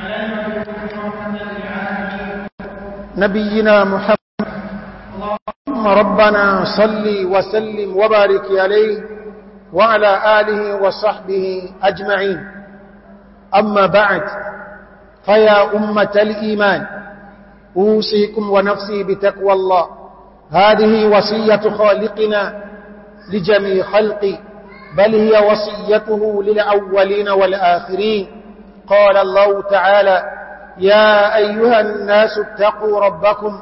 على نبينا محمد اللهم ربنا صل وسلم وبارك عليه وعلى آله وصحبه أجمعين أما بعد فيا أمة الإيمان أوصيكم ونفسي بتقوى الله هذه وصية خالقنا لجميع خلقه بل هي وصيته للأولين والآخرين قال الله تعالى يا أيها الناس اتقوا ربكم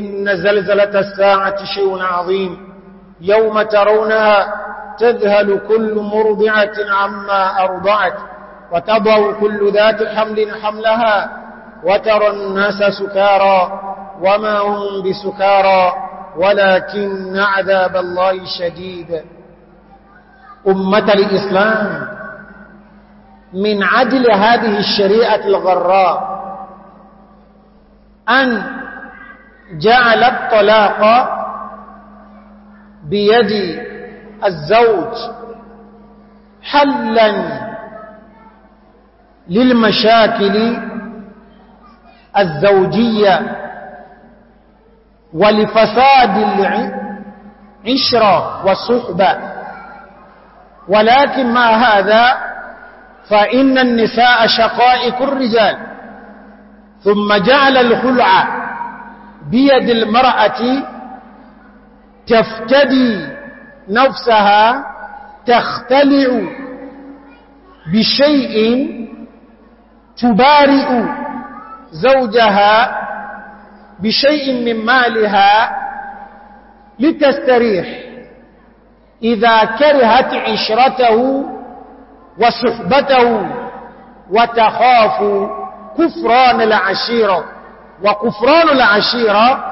إن زلزلة الساعة شيء عظيم يوم ترونها تذهل كل مرضعة عما أرضعت وتضع كل ذات حمل حملها وترى الناس سكارا وما هم بسكارا ولكن عذاب الله شديد أمة الإسلام من عدل هذه الشريعة الغراء أن جعل الطلاق بيد الزوج حلا للمشاكل الزوجية ولفساد العشرة والصحبة ولكن مع هذا فإن النساء شقائق الرجال ثم جعل الخلع بيد المرأة تفتدي نفسها تختلع بشيء تبارئ زوجها بشيء من مالها لتستريح إذا كرهت عشرته وصحبته وتخاف كفران العشيرة وكفران العشيرة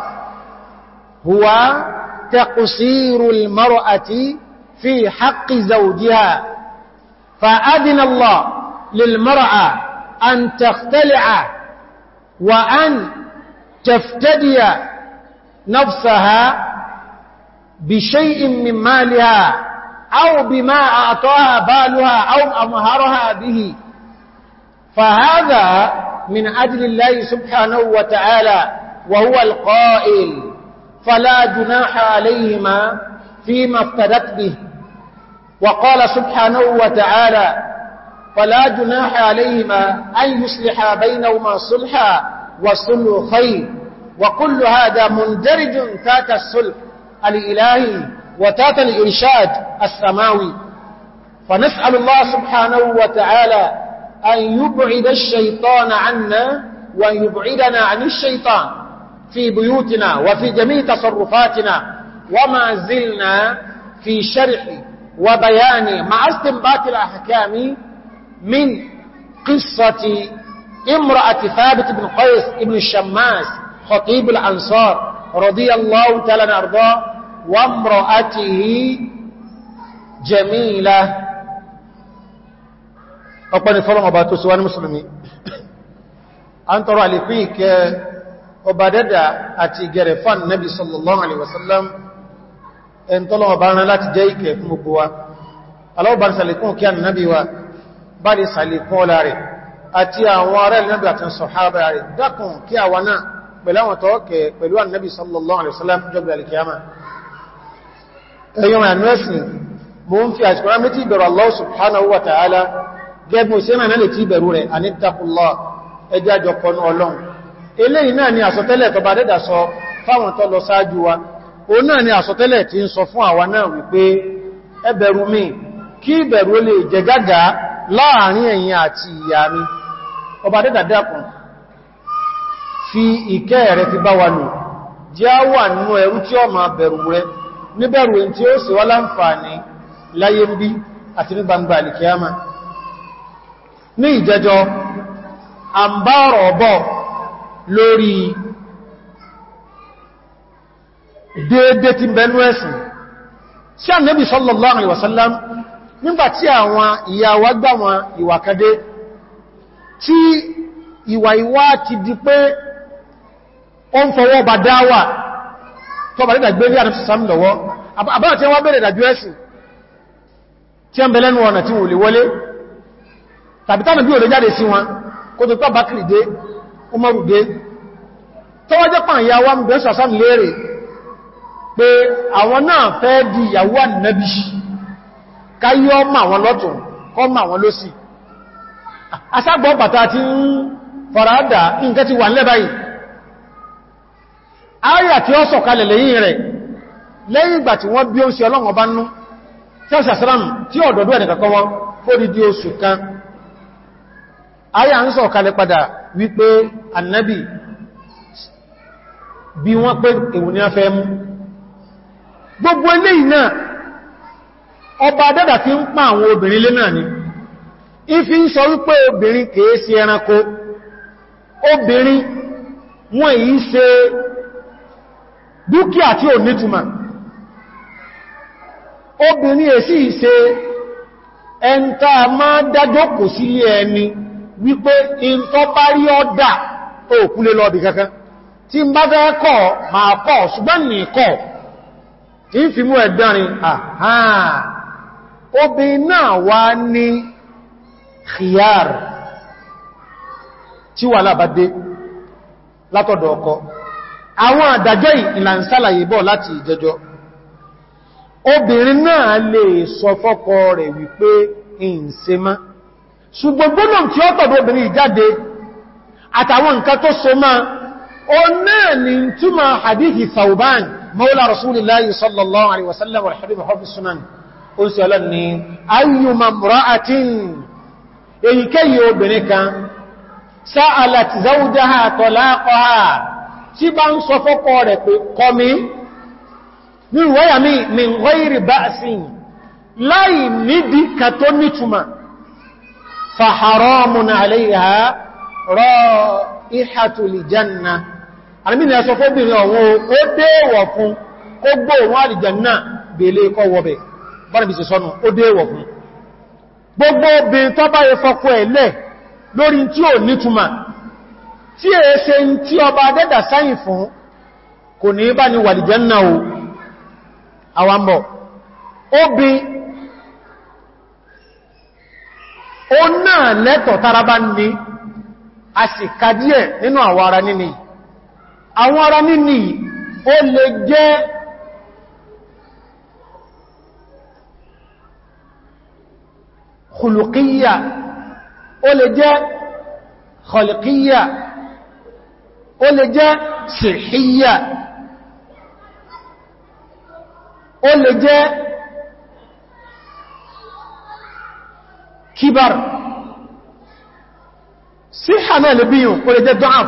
هو تقصير المرأة في حق زوجها فأذن الله للمرأة أن تختلع وأن تفتدي نفسها بشيء من مالها أو بما أعطاها بالها أو أمهرها به فهذا من أجل الله سبحانه وتعالى وهو القائل فلا جناح عليهما فيما افتدت به وقال سبحانه وتعالى فلا جناح عليهما أن يسلح بينهما صلحا وصلوا خير وكل هذا مندرج فات الصلح الإلهي وتاتا الإنشاد السماوي فنسأل الله سبحانه وتعالى أن يبعد الشيطان عنا وأن يبعدنا عن الشيطان في بيوتنا وفي جميع تصرفاتنا وما زلنا في شرح وبيان مع استنبات الأحكام من قصة امرأة ثابت بن قيس بن الشماس خطيب الأنصار رضي الله تعالى أرضاه وامرأته جميلة ọ̀pẹ́ni fọ́lọ́mọ̀ ọba tó síwá ní mùsùlùmí a ń tọrọ àlèfí ìkẹ́ ọba dẹ́dà àti ìgẹ̀rẹ̀ fún nẹ́bí sallallahu alaihi wasallam ẹn tọ́lọ́mọ̀ bá rán láti jẹ́ ìkẹ́ fún gbogbo wa alọ́bàá sàlẹ̀kún kí ànìyàn wa bá lè sàlẹ̀kún ọlá rẹ̀ àti àwọn ará ìlẹ́bí àti sọ̀hábà rẹ̀ dákùn kí àwa náà pẹ̀lú àwọn tọ́ọ̀kẹ́ pẹ̀lú ànìyàn sallallahu alaihi wasallam jọ́gbẹ̀ alìkìyàmá ẹ̀yọ́ mẹ́rin ẹ̀sìn mo ń fi àṣìkọ́rá méjì ìbẹ̀rù Allah subhanahu wa ta'ala gẹ́gbùn sí ẹ̀mẹ́ lè tí ìbẹ̀rù rẹ̀ ànítakùnlọ́ ẹjá jọpọ̀nù ọlọ́run eléyìí náà ni àsọtẹ́lẹ̀ tọba dẹ́dà sọ fáwọn tó lọ sáájú wa o náà ni àsọtẹ́lẹ̀ tí ń jẹ́ wà nínú ẹrú tí ó máa bẹ̀rù rẹ̀ níbẹ̀rù tí ó sì wá láǹfààní láyé ń bí àti ní gbangba alìkíyàmà ní ìjẹjọ́ àmbárọ̀ bọ̀ lórí déédé ti bẹnu ẹ̀sìn sí Ànábì sallallahu alaihi wasallam nígbàtí àwọn ìyàwó gbà wọn ìwàkadé tí ìwà ìwà ti di pé ó ń fọwọ́ bà dáwà tọba ní ìdàgbé ní àdúsù sam lọ́wọ́ àbára tí wọ́n bèèrè ìdàjú ẹ̀sìn tí ẹ ń bẹ̀lẹ́nu ọ̀nà tí wò lè wọlé tàbí tánà bí ò lè jáde sí wọn kò tó tọ́bá kìrì dé Umaru dé tọ́wọ́ jẹ́ pàn ìyàwó àmìbẹ̀ẹ́sù ń fọ̀ràádà ayà tí ó sọ̀kalẹ̀ lẹ́yìn rẹ̀ lẹ́yìn ìgbà tí wọ́n bí ó sí ọlọ́run ọba nú tí ó sàsíràn tí ọ̀dọ̀dọ̀ ẹ̀nìkàkọ́ wọn fórí di oṣù kan ayà ń sọ̀kalẹ̀ padà wípé annabi bí wọ́n pé èwù ní afẹ́ mú gbogbo eléyìí náà ọba dẹ́dà fi ń pa àwọn obìnrin lé náà ni ìfi ń sọ wípé obìnrin kèé sí ẹranko obìnrin wọ́n èyí se dúkìá tí ò nítùmà obìnrin èsì ìṣe ẹntà máa dájókò sílé ẹni wípé in tó bá rí ọ́dà òkúlé lọ́bì kankan tí ń bá fẹ́ kọ́ máa kọ́ ṣùgbọ́n ní kọ́ tí ń fi mú ẹ̀dánrin àhán obìnrin náà wá ní khiyar tí wà lábádé látọ̀dọ̀ ọkọ àwọn àdàjọ́ ìlànsálàyé bọ̀ láti ìjẹjọ obìnrin náà lè sọ fọ́kọ rẹ̀ wípé ìǹsẹ́má ṣùgbọ́n gbọ́nà tí ó tọ̀dọ̀ obìnrin ìjáde àtàwọn nǹkan tó so máa o náà ni túnmà hadithi Thawban maula rasulillahi sallallahu alaihi wasallam tí bá ń sọ fọ́kọ́ rẹ̀ pé kọmí ní ìwọ́yà mi min ghairi ba'sin láì nídi kàtó nítùmà fa haramun alayha ra'ihatul janna alìmí ni a sọ fóbìnrin ọ̀wọ́ ó déèwọ̀ fún ó gbóòrùn àlìjànnà bèèlé kọ́ wọ́bẹ̀ bọ́nà bí ṣe sọ́nà fún tí è ṣe ń tí ọba dẹ́dà sáyìn fún kò ní bá ní wàlìjẹ́nà o àwàmọ̀ obi o náà lẹ́tọ̀ tara bá ní a sì kàdíẹ̀ nínú àwọn ara níní àwọn ara níní o lè jẹ́ khuluqiyya o lè jẹ́ khaliqiyya ó lè jẹ́ sìhíyà ó lè jẹ́ kíbar síhà náà lè bíyàn ó lè jẹ́ dọ́àm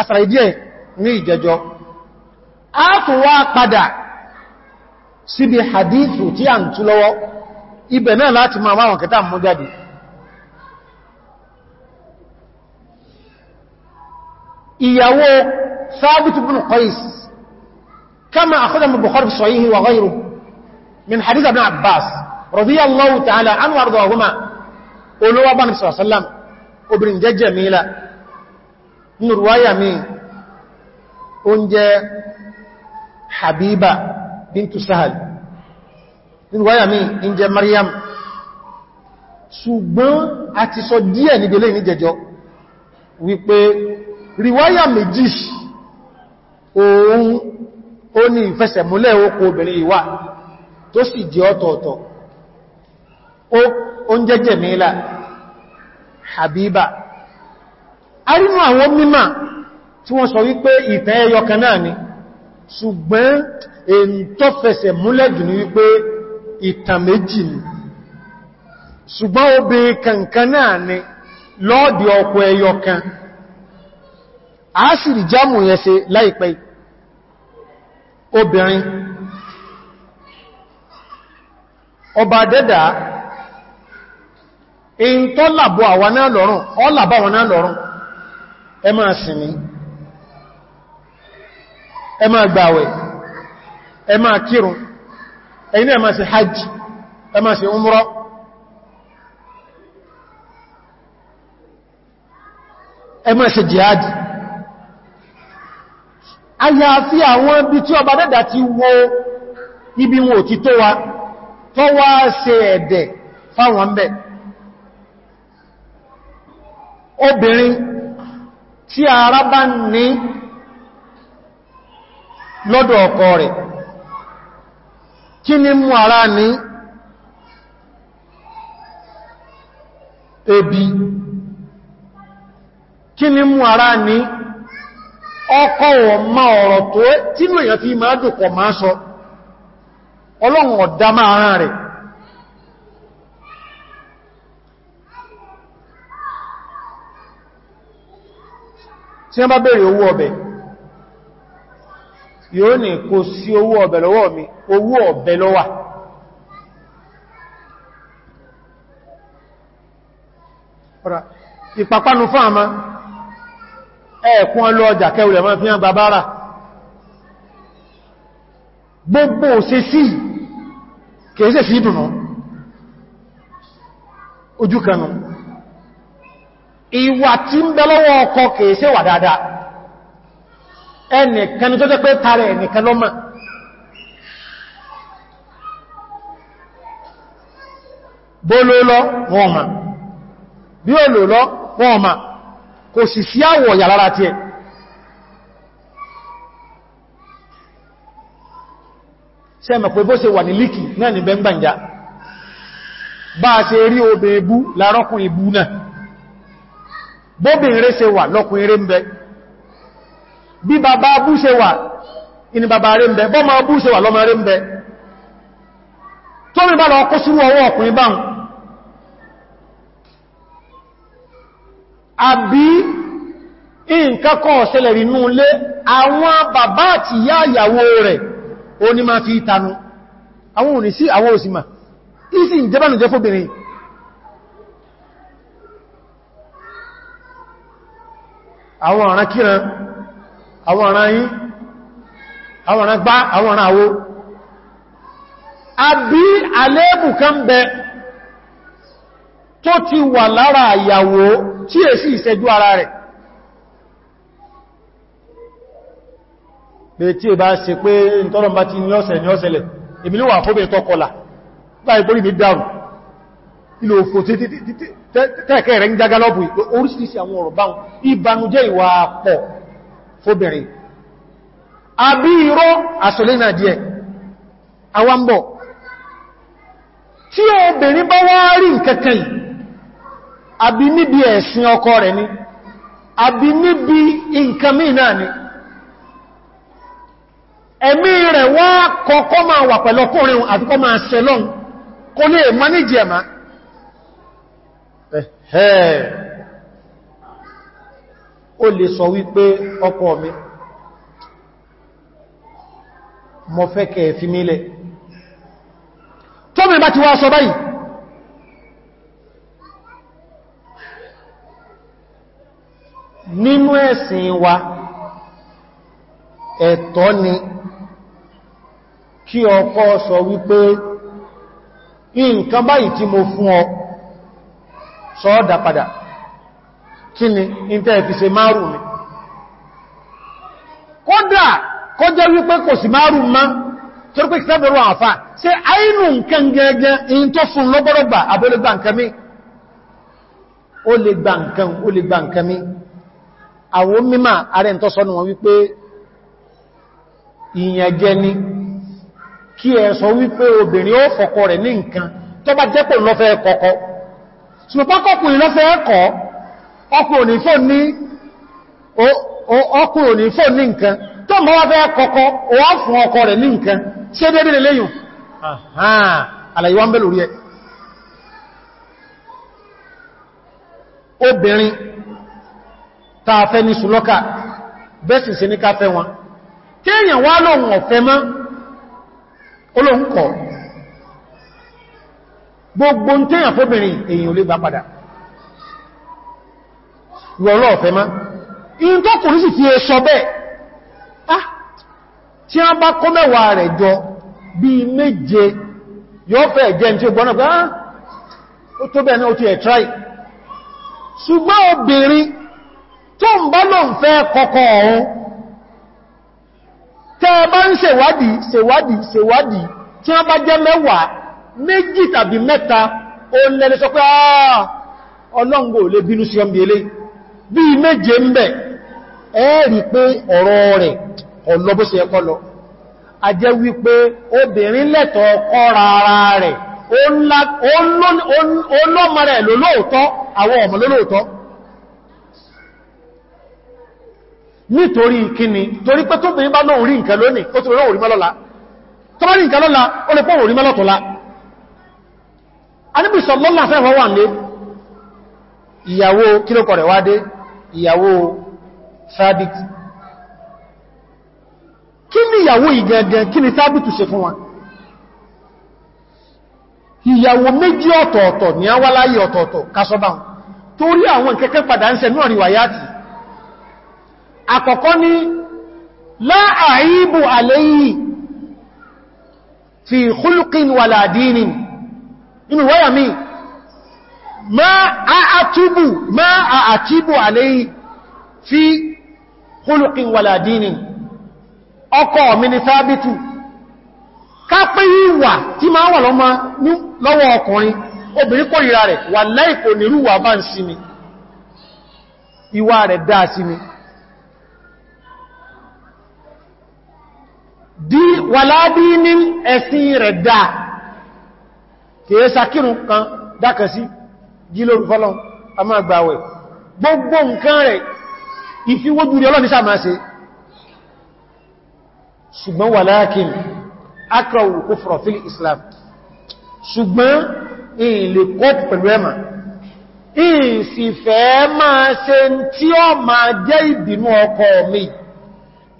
asàrà ìdíẹ̀ ní ìjẹjọ́ a tún wá padà síbi hadithu tí a ń tú ibẹ̀ náà láti máa wọn kẹta mú jáde ìyàwó sábìtù bin Qais kama akhadha min Bukhari fi sahihi wa ghayrihi min hadith ibn Abbas radiyallahu ta'ala anhu ardahuma olówó bá ní sallam obìnrin jẹ́ Jamila nínú ruwaya mi oúnjẹ Habiba bintu Sahal nínú ruwaya mi oúnjẹ Maryam ṣùgbọ́n a ti sọ díẹ̀ níbi lẹ́yìn jẹjọ wípé ríwáyà méjì òun ó ní ìfẹsẹ̀múlẹ̀ okò obìnrin ìwà tó sì di ọ̀tọ̀ọ̀tọ̀ ó ń jẹ́ Habiba a rínú àwọn mímọ̀ tí wọ́n sọ wípé ìtẹ́ ẹyọkan náà ni ṣùgbọ́n èyí tó fẹsẹ̀ múlẹ̀ ní wípé méjì ni ṣùgbọ́n obìnrin kankan náà ni lọ́ọ̀dì ọkọ ẹyọkan a sì rí jámù yẹn ṣe láìpẹ́ obìnrin ọba dẹ́dà in tó làbọ̀ àwa náà lọ́rùn ọ làbọ̀ àwa náà lọ́rùn ẹ máa sinmi ẹ máa gbàwẹ̀ ẹ máa kírun ẹ hajj ẹ máa ẹ máa àyàfi àwọn ibi tí ọba dẹ́dà ti wo ibi wọn ò ti tó wa tó wá ṣe ẹ̀dẹ̀ fáwọn mẹ́ obìnrin tí ara bá ní lọ́dọ̀ ọkọ rẹ̀ kí ni mú ara ní ebi kí ni mú ara ní ọkọ̀ ọmọ ọ̀rọ̀ tó tínú èyàn fi máa dùkọ̀ máa sọ ọlọ́run ọ̀dá máa rán rẹ̀ tí wọ́n bá bèèrè owó ọ̀bẹ̀ yóò ní kò sí owó ọ̀bẹ̀ lọ́wọ́ mi owó ọ̀bẹ̀ lọ́wà ìpàpánu fún àmá ẹ̀kún ọlọ ọjà kẹwùlẹ̀ máa fi hàn bàbára gbogbo ṣe sí kèése sí ìdùnnà ojú kanú ìwà tí ń bẹ lọ́wọ́ ọkọ kèése wà dáadáa ẹnìkan tó jẹ́ pé tààrẹ ẹnìkan lọ́mà bó wọ́n bí ó wọ́n kò sì sí àwọ̀ ọ̀yà lára tí ẹ ṣe mọ̀ pé bó ṣe wà ní líkì náà ní bẹ́ngbànjá bá a ṣe rí obè ebú lárọ́kùn ebú náà bóbìnrin ṣe wà lọ́kùn eré ń bẹ bí bàbá bú ṣe wà inú bàbá rẹ̀ ń bẹ bọ́mọ bú ṣe wà àbí nǹkan ọ̀sẹ̀lẹ̀ rínú lé àwọn bàbá àti ìyá ìyàwó rẹ̀ o ní ma fi tanu. àwọn òní sí àwọn òsìmà ìsì ìjẹ́bànú jẹ́ fóbìnrin àwọn ọ̀ràn kíran àwọn ọ̀ràn yí àwọn ọ̀ràn gbá àwọn ọ̀ràn àwó àbí àlébù kan bẹ tó ti wà lára àyàwó tí è sí ìṣẹ́jú ara rẹ̀ pé tí è bá ṣe pé ìtọ́lọ̀mbá ti ní ọ̀sẹ̀ ní ọ̀sẹ̀lẹ̀ èmi ló wà fóbi tọ́kọlà láì borí mi dáàrù ilò òfò tẹ́ẹ̀kẹ́ rẹ̀ ń jágálọ́bù oríṣìíṣìí bọ̀ tí obìnrin bá wá rí nkẹ́kẹ́ yìí àbí níbi ẹ̀sìn ọkọ rẹ̀ ni àbí níbi nǹkan míì náà ni ẹ̀mí rẹ̀ wá kọ́kọ́ máa wà pẹ̀lọ́kùnrin àfikọ́ máa sẹlọ́n kó lè mọ́ ní jẹ̀má ẹ̀ẹ́ ó lè sọ wípé ọkọ mi mo fi mílẹ̀ tó mi bá ti wá sọ báyìí nínú ẹ̀sìn wa ẹ̀tọ́ ni kí ọkọ sọ wípé nǹkan báyìí tí mo fún ọ sọ́ọ́dà padà kí ni ìntẹ́ fi ṣe márùn mi kódà kọjá wípé kò sí márùn má torí pé ìsẹ́bẹ̀rọ àfà ṣe àínú nǹkan gẹ́gẹ́ in tó fún lọ́gbọ́rọ̀gbà abẹ́lẹ́gbà nǹkan mi ó lè gbà nǹkan mi àwọn mímà ààrẹ ń tọ́sọ́nù wọn wípé ìyànjẹ́ ni kí ẹ sọ wípé obìnrin ó fọ́kọ rẹ̀ ní nǹkan tó bá jẹ́pò lọ́fẹ́ kọ́kọ́ ṣùgbọ́kọ́kù ìlọ́fẹ́ ẹ̀kọ́ ọkùnrin fò ní nǹkan tó mọ́ wá fẹ́ kọ́kọ́ wá obìnrin tààfẹ́ ní ṣùlọ́kà bẹ́sì sí ní káfẹ́ wọn tí èyàn wá lóhun ọ̀fẹ́ mọ́ olóhun kọ̀ gbogbo tí èyàn fóbìnrin èyàn ò lè bá padà rọ̀rọ̀ ọ̀fẹ́ mọ́ in tó kùnrin sì ti ẹṣọ bẹ́ẹ̀ ah tí a bá kó mẹ́wàá rẹ̀ jọ bí méje yóò fẹ́ jẹ́ tí ó gbọ́nà ah, ṣùgbọ́n obìnrin tó ń bá lọ ń fẹ́ kọkọ ọ̀hún tẹ́ bá ń ṣèwádìí ṣèwádìí tí wọ́n bá jẹ́ mẹ́wàá méjì tàbí mẹ́ta ó lẹ́lẹ́ pé ah, ọlọ́ngbò lè méje pé wípé obìnrin lẹ́tọ̀ ọkọ́ nítorí ìkíni torí pé tó bí bá lóò rí nǹkan lónìí ó ti rọ òrí mọ́lọ́lá tó bá rí nǹkan lọ́la ó lè pọ́ òrí mọ́lọ́tọ́lá aníbìsọ̀ lọ́lá fẹ́ wà ní ìyàwó kílòkọ̀ rẹ̀ wádé ìyàwó sábìt ni ìyàwó ìgẹ̀gẹ̀ kí ni sábìtù ṣe fún wa ìyàwó ọ̀tọ̀ọ̀tọ̀ ní torí àwọn kẹ́kẹ́ padà ń sẹ náà rí àkọ́kọ́ ni láàáyíbù àléyìí fi khulqin wala dinin inú wáyà mi ma a àtúbù ma a àtíbù àléyìí fi khulqin wala dinin ọkọ mi ni sábìtù ká pé ìwà tí máa wà lọ́wọ́ ọkùnrin obìnrin kórìíra rẹ̀ wà láìkò nírúwà bá ń sinmi ìwà rẹ̀ dáa sinmi dí wàládí ní ẹ̀sìn rẹ̀ dáa kìí sàkírùn kan dákà sí gílòrù fọ́lọ́n a máa gbàwẹ̀ gbogbo nǹkan rẹ̀ ìfiwójú rí ọlọ́ni sáà máa ṣe ṣùgbọ́n walakin akrahu kufra fil islam ṣùgbọ́n ilè kọ́pù pẹ̀lú ẹ̀mà ìsì fẹ́ máa ṣe tí ọ máa jẹ́ ìbínú ọkọ mi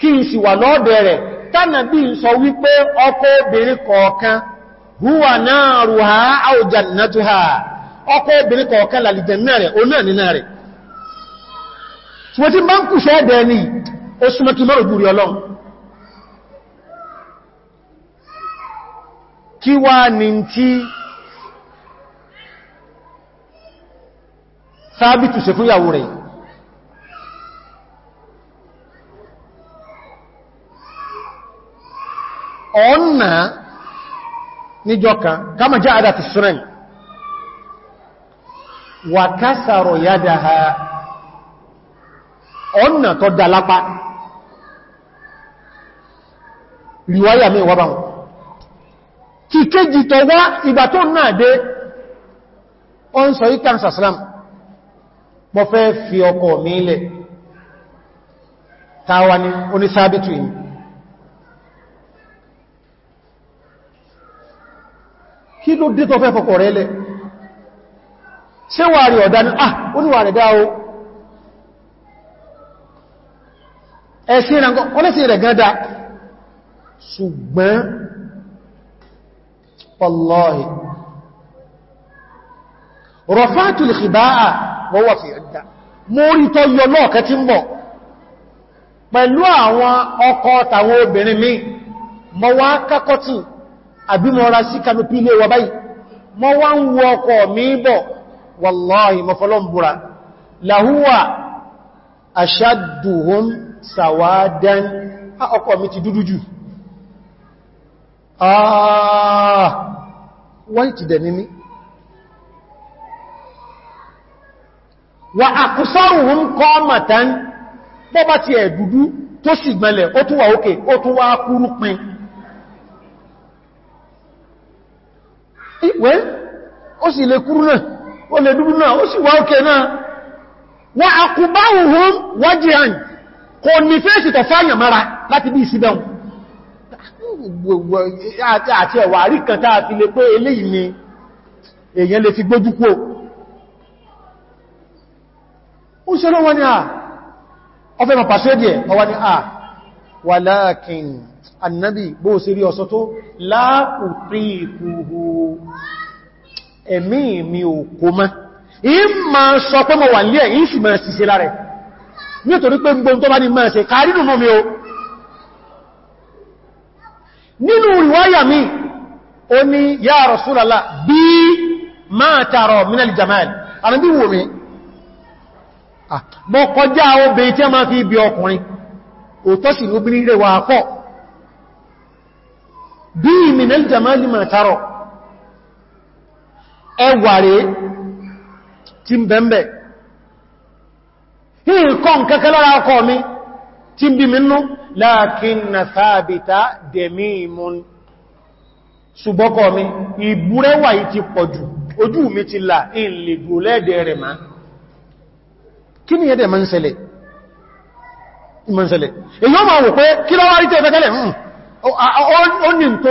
kí ìsì wà rẹ̀ tánàbí sọ wípé ọkọ obìnrin kọ̀ọ̀kan húwà náà rùhá àwòjà nàtú ha ọkọ obìnrin kọ̀ọ̀kan làlìjẹ̀ náà rẹ̀ o rẹ̀ ṣùgbọ́n tí bá ń kù ṣẹ́ẹ̀dẹ̀ ni ó súnmọ́kí ọ̀nà níjọka kama já adá ti sírẹ̀n wà kásàrọ̀ yádá ha ọ̀nà tó dálápá ríwáyà mí wà báwọn kí kéjì tó wá ìgbà tó náà dé ọ́n sọ ikan sàsìlám mọ́ fẹ́ fi ọkọ̀ mílẹ̀ tàwà ní onísábìtì yìí kí ló dé tó fẹ́ fọkọ̀ rẹ̀ lẹ ṣe wà rí ọ̀dá ní ah oníwà rẹ̀ dá o ẹ̀sìn ìrànkọ́ ọlẹ́sìn rẹ̀ gẹ́dá ṣùgbọ́n wallahi rọ̀fáàtù lè ṣìbáà wọ́n wà fi ẹ̀dá mórí tó yọ lọ́ọ̀kẹ́ tí ń bọ̀ pẹ̀lú àwọn ọkọ tàwọn obìnrin mi mọ́wàá kákọ́tù àbí mọ́ ra sí kanopi ilé wa báyìí mọ́ wá ń wọ ọkọ̀ mìíbọ̀ wallahi mọ́fọ́lọ́mbùra lahuwa aṣádùhún sàwádán a ah, ọkọ̀ mi ti dúdú jù ah white dẹ̀ nimi wa àkùsọ́rùn kọ́ màtán bọ́bá ìwẹ́ ó sì lè kúrú náà ó lè dúdú náà ó sì wá òkè náà wọ́n àkùbáhùn wájí àyìn kò ní fèsì tọ̀ fáyàn mara láti bí ìsìbẹ̀un àti ẹ̀wà rí kan tàà fi lè pé eléyìí ni èèyàn lè fi gbójú kú ó ṣe lọ́wọ́ ni à ọfẹ́ mọ̀ pàṣẹ́ díẹ̀ ọwọ́ ni à walakin annabi bó ṣe rí ọ̀sọ́ tó láàkùtrí ìkúhù ẹ̀mí mi ò kó mọ́ in ma sọ pé mo wà ní ẹ̀ in sì máa ṣiṣẹ́ lára nítorí pé gbogbo tó bá ní máa ṣe kàárínù mọ́ mi o nínú ìwáyà mi ó ní ya bí máa mi mọ́ kọjá obìnrin tí a fi E tí ń bẹ̀m̀bẹ̀ ní nǹkan kẹ́kẹ́ lára ọkọ̀ mi tí ń bí mi nú láàkín na sáàbìta dẹ̀mí ìmún ṣùgbọ́kọ̀ mi ìbúrẹ́wà yìí ti pọ̀jù ojú mi ti là ilẹ̀ gbòlẹ́ẹ̀dẹ̀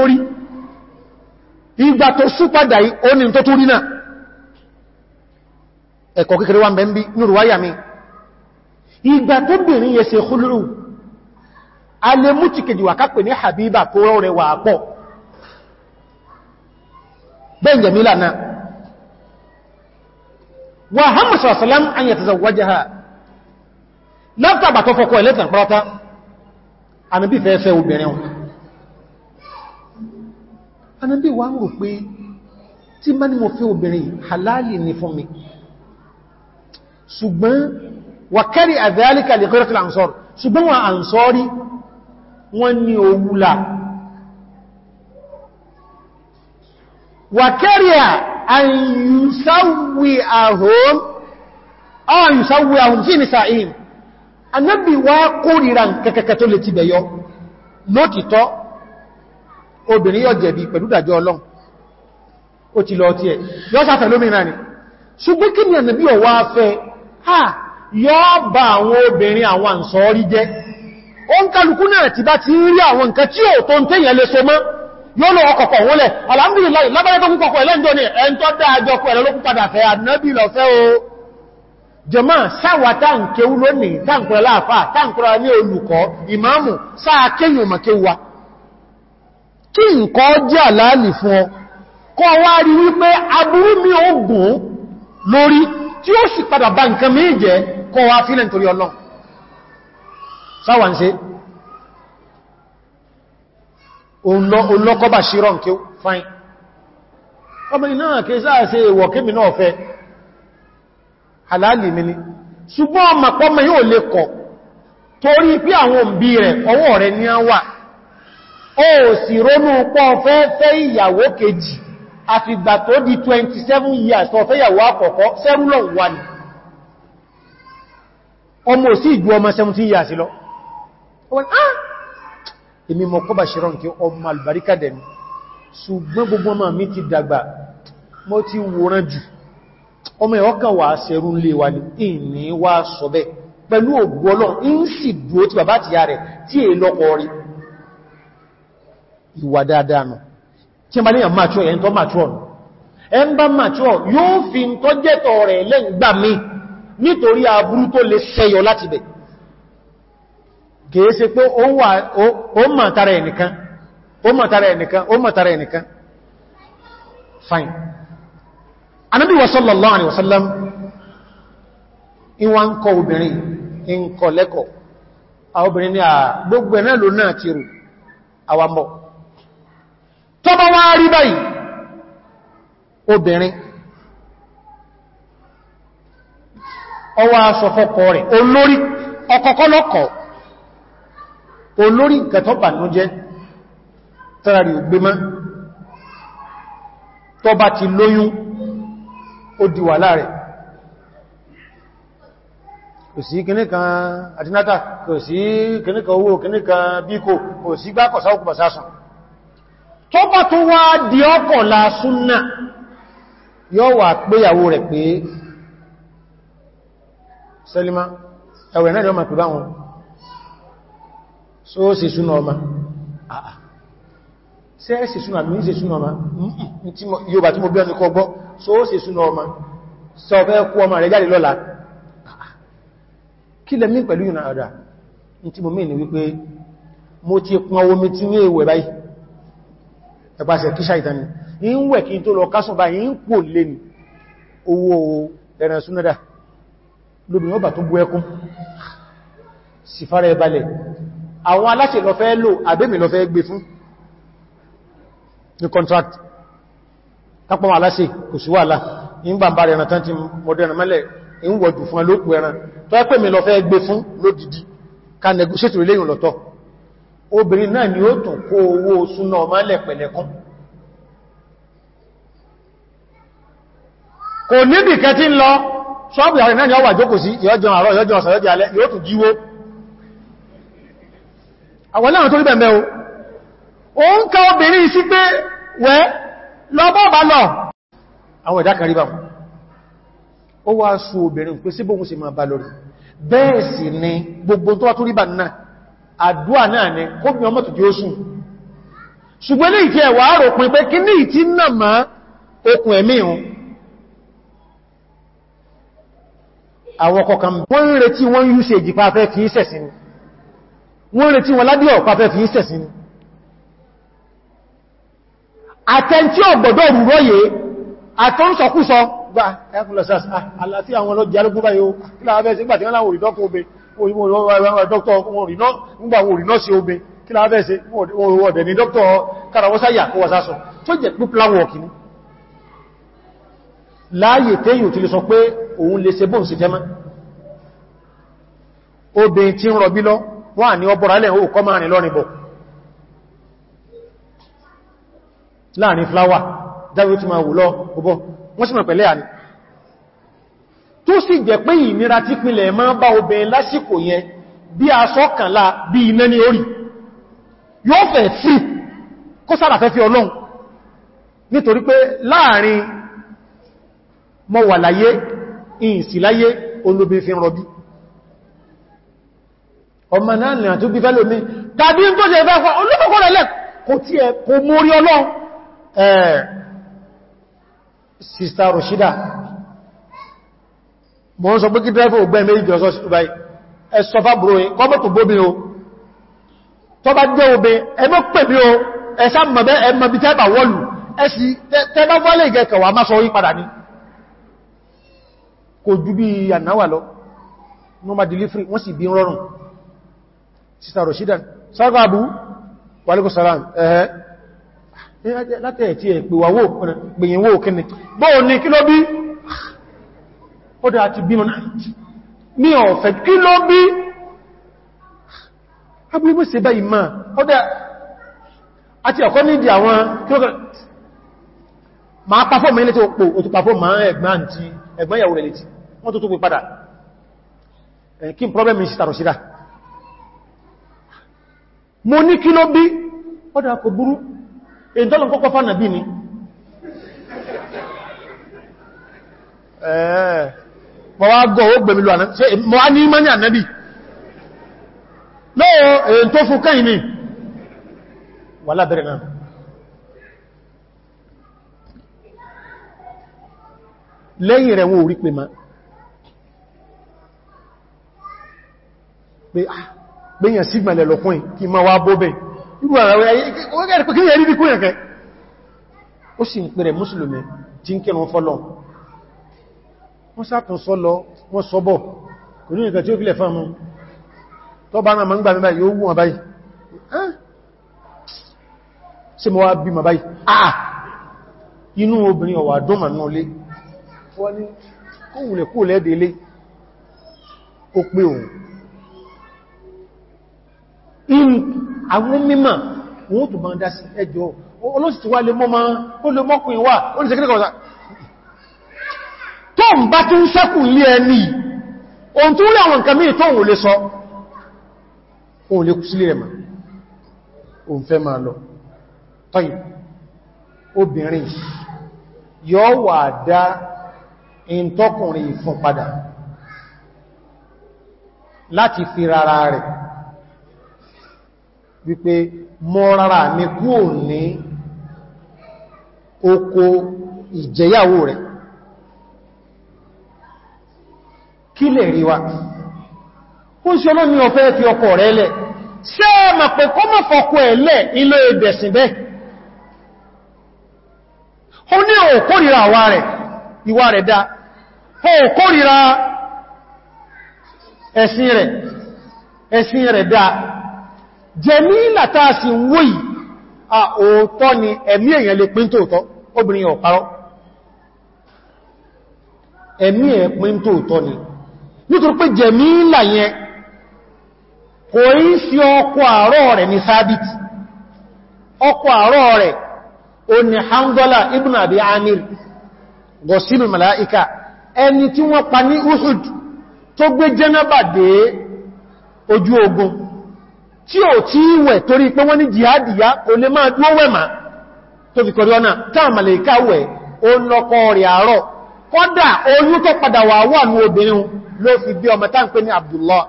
rẹ̀ ìgbà tó sú padà oní tó tó rí náà ẹ̀kọ́ kékeré wà mẹ́ bí ní ruwáyà mi ìgbà tó bèèrè yẹ se kúlùrù alẹ́mú ti kèjì wà kápẹ̀ ní Habiba kó rọ rẹ̀ wà pọ̀ Benjamila anábí wa ń rò pé tí má ní mo fẹ́ obìnrin halali ni fún mi ṣùgbọ́n wà kẹ́rì àdáyálíkà lè kọ́rọ̀ tílà àǹsọ́rọ̀ ṣùgbọ́n wà àǹsọ́rí wọ́n ni òwúlà wà kẹ́rì àyùsáwì àhóm sí ní sa'im anábí wa kórìíra kẹ́kẹ́kẹ́ tó lè ti bẹ̀yọ lótìtọ́ obìnrin yóò jẹ̀bi pẹ̀lú ìdájọ́ Ọlọ́run ó ti lọ tí ẹ̀ yọ́ sáfẹ́ lómìnà ni ṣùgbọ́n kí ni Ànábì ó ha yọ́ bá àwọn obìnrin àwọn àǹsọ́rí jẹ́ ó ń kálukú náà ti bá ti rí àwọn nǹkan tí tó ń lè so mọ́ yóò lọ ọkọ̀kọ̀ wọ́n lẹ̀ sáwà lónìí ní olùkọ́ ìmáàmù sáà kí nǹkan jẹ́ àlàálì fún ọ kọ́ wá rí wípé aburú mi ó gùn lórí tí ó sì padà bá nǹkan mí jẹ́ kọ́ wá fílẹ̀ nítorí Ọlọ́run sáwà ń ṣe olókọ́bà ṣírọ̀ kí fáin ọmọ iná kí sáà ìwọ̀ náà fẹ́ àlàálì mi ni ṣùgbọ́n ọmọ pọ́mọ yóò lè kọ̀ torí pé àwọn ó sì rónú pọ́ fẹ́ fẹ́ ìyàwó kejì àfìgbà tó di 27 years tó fẹ́ ìyàwó àkọ́kọ́ sẹ́rúlọ̀ wà ní ọmọ sí ìjú ọmọ 17 years lọ ah! èmi mọ̀ kọ́ bá ṣe rán kí ọmọ albarika dẹ̀nu ṣùgbọ́n gbogbo ọmọ mi ti dàgbà mọ́ ti wòran jù ọmọ ẹ̀họ́kàn wà ṣẹ̀rú lè wà ní ìní wà sọ bẹ́ pẹ̀lú ògbọ́lọ́ ń sì dúó ti bàbá àtìyà rẹ̀ tí èlọ́kọ̀ rí ìwà dáadáa nù tí a bá níyàn mature ẹ̀yìn tó mature nù ẹn bá mature yóò fi ń tọ́ jẹ́tọ̀ rẹ̀ lẹ́gbà mí nítorí aburú tó lè ṣẹyọ láti bẹ̀ kìí pé ó mọ̀tara ẹnìkan ó ẹnìkan ó fine anábí sallallahu alaihi wasallam ìwà ń kọ obìnrin ń kọ lẹ́kọ̀ọ́ àwọn obìnrin ni à gbogbo tó bá wá rí báyìí obìnrin ọwọ́ asọ̀fọ́kọ rẹ̀ olórí ọkọ̀kọ́lọ́kọ̀ olórí ìkẹtọ́bà ní jẹ́ tẹ́rẹ̀rì ògbémá tó bá ti lóyún ó di wà láàrẹ̀ kò sí kìníkan àdínátà kò sí kìníkan owó kìníkan bíkò kò sí gbákọ̀sáwọ́kùbà sásùn tó bá tó wá di ọkọ̀ la súnnà yọ́ wà péyàwó rẹ̀ pé sẹ́límá ẹ̀wẹ̀ náà yọ́ ma pè bá wọn só sì súnà ọmọ àà sẹ́ sì súnà mi ń sì súnà ọmọ yóò bá tí mo bí ọ́nà kọ gbọ́ só sì súnà ọmọ sọ fẹ́ kú ọmọ rẹ̀ jáde lọ́la kí lẹ́mí pẹ̀lú yìí náà rà ní tí mo mẹ́ ni wípé mo ti pọn omi tí ní èwẹ̀ báyìí ẹ̀pàṣẹ̀ kíṣà ìtàní yìí wẹ̀ kí n tó lọ kásùn bá yìí kò lè ní owó ẹ̀rẹ̀ súnádà lóbìnrin ọba tó bú ẹkún sì fara ẹbalẹ̀ àwọn aláṣẹ lọ fẹ́ lò àbẹ́mì lọ fẹ́ gbé fún ní contract tápọ̀ aláṣẹ kò sí wà láà ní gbàmbà rẹ̀ tán ti mọ̀dẹ̀rẹ̀ mẹ́lẹ̀ ń wọ̀dù fún ẹlòpù ẹran tó ẹ́pẹ̀mì lọ fẹ́ gbé obìnrin náà ni ó tún kó owó súnà ọmọ lẹ̀pẹ̀lẹ̀kún kò níbi kẹ tí ń lọ ṣọ́bù ìyàrin náà ni ó wà jókòó sí ìyọ́jọ́ àárọ̀ ìyọ́jọ́ ọ̀sán ìyọ́jọ́ alẹ́ yóò tún jíwó àwọn náà tó rí bẹ̀mẹ́ o ó bẹ́ẹ̀ sì ni gbogbo tó wá tó rí bá náà àdúà náà ni kó bí ọmọ tó tí ó sùn ṣùgbọ́n ní ìtí ẹ̀wà àrò pín pé kí ní ìtí náà má okùn ẹ̀mí hun àwọn kọkàn wọ́n ń retí wọ́n yú sí èjì pàfẹ́ fi ìsẹ̀sìn wọ́n retí wọn ládíọ̀ pàfẹ́ fi ìsẹ̀sìn àtẹ́ntí ọ̀gbọ̀dọ̀ rúrọ́yè àtọ́nsọkúsọ gbà ẹkùnlọ̀sọ́sọ́ àlàáfíà gbà tí láàyè téyìn tí lè sọ pé òun lè ṣe bóòn sí jẹmọ́ obìnrin tí ń rọ̀bí lọ wà ní ọbọ̀rọ̀ alẹ́ òkọ máa rìn lọ́rin bọ̀ láàrin fláwà dáwé tí máa wù lọ gbogbo wọ́n sí mọ̀ pẹ̀lẹ́ àní tó sì jẹ́ pé ìnira tí pínlẹ̀ máa bá obìnrin lásìkò yẹn bí a sọ́kànlá bí iná ní orí yóò fẹ́ sí kó sára fẹ́ fi ọlọ́run nítorí pé láàrin mọ́ wà láyé ìsì olóbin fi rọjú ọmọ náà nìyàn tó bí lómi tàbí tó jẹ ìfẹ́ fún olóbòkọ́ kò tí ẹ kò mórí ọlọ́run Sister Roshida mọ́ sọ pé kí driver ò gbẹ́ méjì ọ̀sọ́ sí dubai ẹ̀sọ fábúrò yìí kọ́ mọ́tò bóbi o tọ́ bá jẹ́ obe ẹmọ́ pèbí o ẹ̀sá mọ̀bẹ́ ẹmọ́ bí tẹ́bà wọ́lù ẹ̀sì tẹ́bà wọ́lẹ̀ ìgẹ́kẹ̀wà má sọ yín padà ní kò ju bí ànáwà lọ normal delivery wọ́n sì bí rọrùn sister roshidan sagabu wàlẹ́kùn salam ẹ̀hẹ́ látẹ̀ẹ̀ tí ẹ̀ pèwàwó pẹ̀yìnwó kìnnì bóò ní kí ló bí ọdá àti bímọ náà ní ọ̀fẹ́ kí ló bí abúrúgbé sí bá ìmá ọdá àti ọ̀kọ́ nídi àwọn kílọ́kọ̀ ma pàfọ́ mẹ́lẹ́ tó pò òtù pàfọ́ ma ẹgbẹ́ àti ẹgbẹ́ ìyàwó rẹ̀ létí wọ́n tó tó pè padà mọ̀ wá gọ́ ó gbẹ̀mí lọ mọ̀ wá ní mọ́ní ànẹ́bì lọ́wọ́ èyí tó fún kẹ́yìn ní wà lábẹ̀rẹ̀ náà lẹ́yìn rẹ̀ wọ́n orí pé ma gbẹ̀yàn sigma lẹ̀ lọ́kún kí ma wá bóbẹ̀ irú ara ó sì ń pẹ̀rẹ̀ mùsùlùmí tí ń kẹrùn fọ́lọ́n wọ́n sákan sọ lọ wọ́n sọ bọ̀ kò ní ìkẹ̀ tí ó fílẹ̀ fún ọmọ tó bá rán mọ́gbà mẹ́bàá yóò wù wọn báyìí ṣe mọ́ wá bí mọ́ báyìí àà inú obìnrin ọ̀wà dọ́mà náà lé wọ́n ní kóhùnlẹ̀ kó lẹ́dẹ̀ lé ó pé òun àwọn mímọ̀ wọ́n tó máa dá sí ẹjọ́ olóòsì ti wá lè mọ́ máa ó lè mọ́kùnrin wà ó lè ṣe kíríkọ̀ọ́sà tó ń bá tún sẹ́kùn lé ẹni ohun tó lẹ́wọ̀n nǹkan mí tó wò lè sọ ohun lè kú sílé ẹ̀mà ohun fẹ́ máa lọ tọ́yìn obìnrin yọ wà dá ìntọ́kùnrin fún padà láti fi rárá rẹ̀ wípé mọ́ rárá mi kú ò ní oko ìjẹyàwó rẹ̀ kí lè rí wa ó sí ọlọ́ni ọ̀fẹ́ fi ọkọ̀ rẹ̀ lẹ̀ ṣe é mà pé kọ́ mọ̀ fọ́kọ́ ẹ̀ lẹ̀ ilé ẹ̀dẹ̀sìn bẹ́ ó ní òkórìíra àwà rẹ̀ ìwà rẹ̀ dá òkórìíra ẹ̀sìn rẹ̀ ẹ̀sìn rẹ̀ dá jẹ̀mí látàásí wóyìí a òótọ́ ni ẹ̀mí èèyàn lè pín tóòtọ́ obìnrin ọ̀parọ́ ẹ̀mí ẹ̀ pín tóòtọ́ ni nítorí pé jẹ̀mílà yẹn kò ń sí ọkọ̀ àárọ̀ rẹ̀ ní sábìtì ọkọ̀ àárọ̀ rẹ̀ o ni hangola ibn abi amir gọ̀sílù mala'ika ẹni tí wọ́n pa ní uhud tó gbé jẹ́nàbà dé ojú ogun tí ò tí wẹ̀ torí pé wọ́n ní ya kò lè máa ma tó fi kọ̀rí ọ̀nà mala'ika o arọ. kọ́dà oyún tó padà wà wà ní obìnrin ló fi bí ọmọ táǹpé ní Abdullah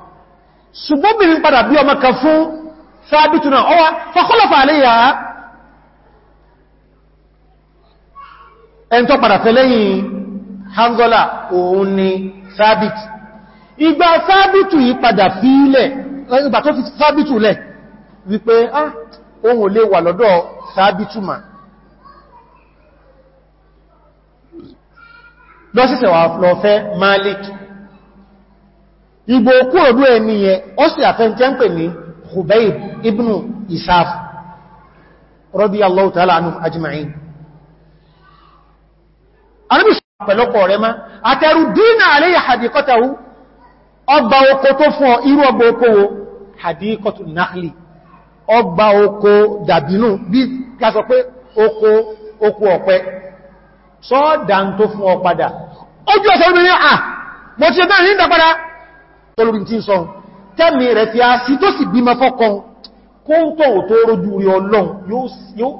ṣùgbọ́bìnrin padà bí ọmọ kan fún sáàbìtúnà ọwá fọ́kọ́lọ́fà àléyà ẹn tó padà tẹ́lẹ́yìn Hanzola òun ni sáàbìt ìgbà sáàbìtù yí padà fílẹ̀ ìgbà tó fi sáàbìtù lẹ̀ wípé ah ohun lè wà lọ́dọ̀ sáàbìtù máa lọ́sẹ̀sẹ̀ lọ́fẹ́ Malik igbo òkú ọdún ẹni yẹ ó sì àfẹ́ntẹ́ ń pè ní Khubayb ibn Isaf radiyallahu ta'ala anhum ajma'in pẹ̀lọpọ̀ rẹ̀ má àtẹrù dínà aléyà hadikọ́tahu ọgbà oko tó fún ọ irú ọgbà oko wo náàlì ọgbà oko dàbínú bí kásọ pé oko oko sọ́ọ̀dá tó fún ọ padà ojú ọ̀sẹ̀ obìnrin à mọ̀ tí ẹgbẹ́ ìrìnlẹ̀ padà olùrin tí ń sọ tẹ́mì rẹ̀ fi a sí tó sì bímọ fọ́kan kó ń tọ̀ tó rójú rí ọlọ́run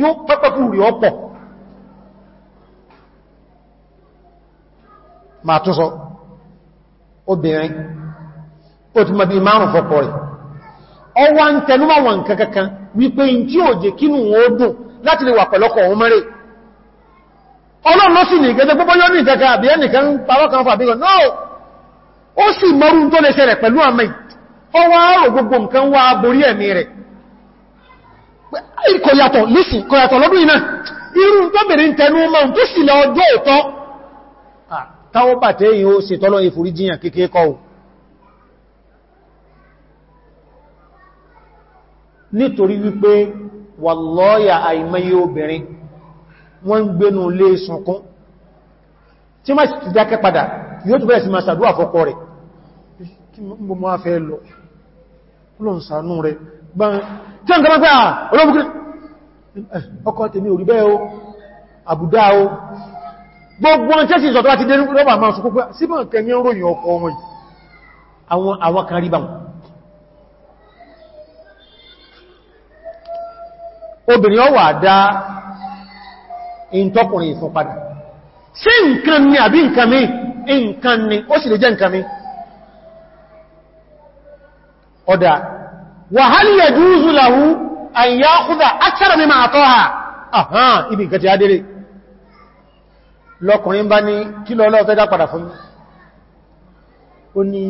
yóò pẹ́pẹ́kù rí ọpọ̀ ma tún sọ obìnrin ó ti mọ̀ bí márùn fọ́pọ̀ rẹ̀ ọwá ń tẹnúmọ̀ wọn ọlọ́run ló sì ní ìgẹ́gẹ́ gbogbo yọ́ ní ìkẹ́kẹ́ àbí ẹnìkan pàwọ́ kan fà bígọ́ náà ó sì mọ́rún tó lè ṣẹlẹ̀ pẹ̀lú àmì ọwọ́ àrò gbogbo nǹkan wá borí ẹ̀mí rẹ̀ kọ̀yàtọ̀ lísì kọ̀yàtọ̀ lọ wọ́n ń gbénú lé sunkún tí má sì dákẹ́ padà yóò tó bẹ̀rẹ̀ sí máa sàdúwà fọ́kọ́ rẹ̀ kí mọ́ máa fẹ́ lọ lọ́n sànú rẹ̀ gbọ́n tí ó ń gbọ́n pẹ́ à olóbùkúrẹ́ ọkọ̀ tèmi ò rí bẹ́ẹ̀ o àbùdá o gbogbo ọ̀n tẹ́sì ìsọ̀tọ́ láti dẹ́rù rọ́bà máa sùn púpọ̀ ah, síbọ̀ tẹ̀yẹ ròyìn ọkọ̀ wọn àwọn àwọ̀kan rí báwọn obìnrin ọwà dáa ìntọ́kùnrin ìfún padà sí nǹkan ni àbí nǹkan mi nǹkan ni ó sì lè jẹ́ nǹkan mi ọ̀dá wa hal yajuzu lahu an ibi nǹkan ti adéré lọ́kùnrin bá ní kí lọ lọ́ọ̀fẹ́ dá padà fún ó ní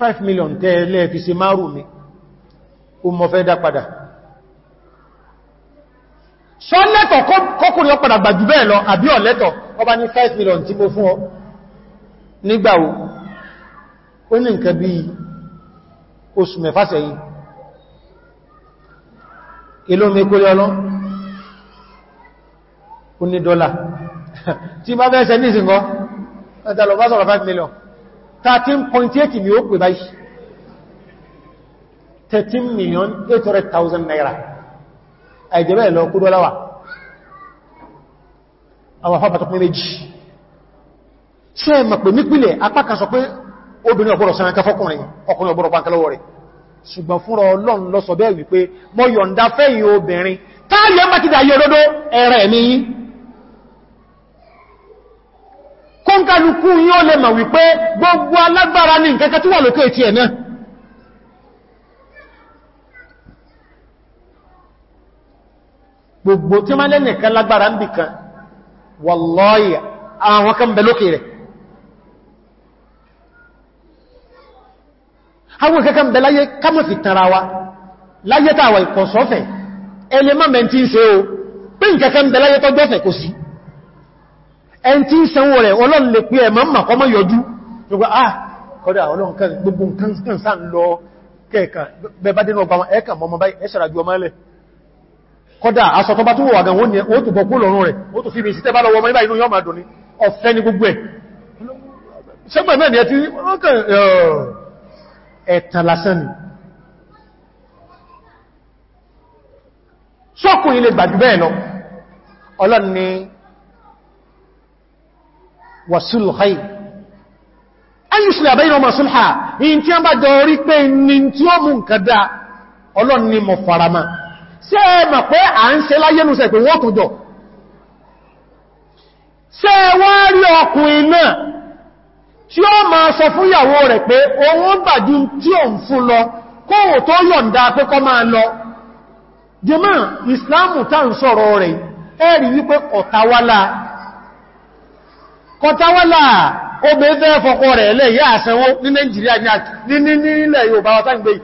5 million tẹ́ẹ̀lẹ́ fi ṣe márùn-ún mi ó mọ́ fẹ́ sọ lẹ́tọ̀ kọkùnrin ọpàdà gbàjú bẹ́ẹ̀ lọ àbí ọ̀lẹ́tọ̀ ọba ní 5 million tí mo fún ọ nígbàwó ó ní nǹkan bí oṣù mẹ́fà sẹ́yìn ilómi kó lọ́lọ́ ó ní dọ́là tí bá bẹ́ẹ̀ sẹ ní ìsìnkọ́ ẹ̀tàlọ bá 13.8 mi ó pè naira àìjẹ̀bẹ́ lọ kú dọ́láwà àwọn afọ́pàá pín méjì ṣe mọ̀ pé nípìlẹ̀ apákan sọ pé obìnrin ọgbọ́rọ̀ sanra ká fọ́kùnrin ọkùnrin ọgbọ́rọ̀ pàǹkà lọ́wọ́ rẹ̀ ṣùgbọ́n fúnra Ọlọ́run ló sọ bẹ́ẹ̀ wípé mọ́ yọ̀ǹda fẹ́yìn obìnrin gbogbo alagbara eti gbogbo tí ma lẹ́nì kan lágbára ń bì kan wallahi àwọn kan bẹ lókè rẹ̀ àwọn kankan bẹ láyé kámọ̀fì tara wa láyé tàwà ìkọ̀sọ́fẹ̀ ẹni má mẹ́ tí ń ṣe o pín kankan bẹ láyé tọ́jọ́fẹ̀ kò sí ẹn tí ń sanwó rẹ̀ ọlọ́run lè pé ẹ̀mọ́ mọ̀kọ́mọ́ yọjú ah, gbogbo ah kọ́dá kọ́dá asọ̀tọba tó wà gan wọ́n tó bọ̀kú lọ́rún rẹ̀ ó tó fi mi sítẹ́ bá lọ́wọ́ ọmọ ibá inú yọ́ máa dùn ní ọ̀fẹ́ ní gbogbo ẹ̀ ṣẹ́gbẹ̀ náà ni ẹ ti rọ́kàn ẹ̀tàn lásán ni ṣọ́kùn ilé gbàjú bẹ́ẹ̀ lọ ọlọ́n ni wàsúlùháì ọlọ́n ni mọ̀ farama ṣe mọ̀ pé à ń ṣe láyé nù sẹ̀pẹ̀ wọ́n tó jọ ṣe wọ́n rí ọkùnrin náà tí ó máa sọ fún ìyàwó rẹ̀ pé òun bàdí tí ó ń fún lọ kóò tó yọ̀ǹda pé kó máa lọ jẹmọ́ ìsìláàmù tá ń sọ̀rọ̀ rẹ̀ ẹ̀rí wípé kọ̀tawálà fẹ́ rẹ̀ lẹ́yà ní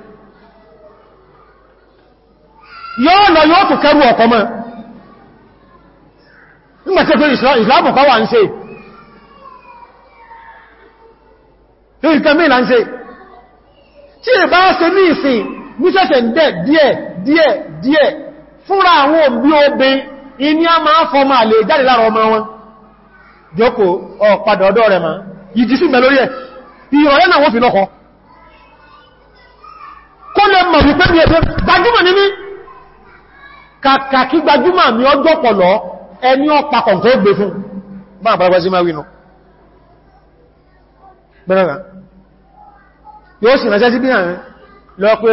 yóò lọ yóò tó kẹrù ọkọ̀ mọ́ nígbàtí pé ìsìláàmù kọ́ wà ń ṣe nǹkan mìí là ń ṣe tí ìbá ṣe ní ìsìn múṣẹ́ṣẹ̀ ń dẹ̀ díẹ̀ díẹ̀ díẹ̀ fúnra àwọn òbí obi iní a máa fọ́ máa lè jáde lára ọmọ wọn jókòó ọ̀padà ọ̀dọ́ rẹ̀ máa ìjì sí mẹ́lórí ẹ̀ ìrọ̀lẹ́ náà wọ́n fi lọ́kọ́ kó lè mọ̀ wípé bí ẹ̀fẹ́ gbajúmọ̀ ní ní kàkà kí gbajúmọ̀ mi ọjọ́ pọ̀lọ́ ẹni ọpa kọ̀ǹkọ́ gbé fún máa bàbá sí máa wínú mẹ́rànà yóò sì ránṣẹ́ sí bí àárín lọ pé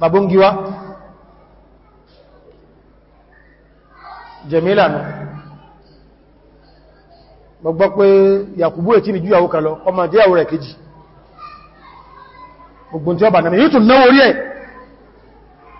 babóngiwá jẹ̀mílà nù gbogbo pé yàkùbú ètí ni júyàwó kan lọ ọmọ jẹ́yàwó rẹ̀ kejì gbogbo tí ọ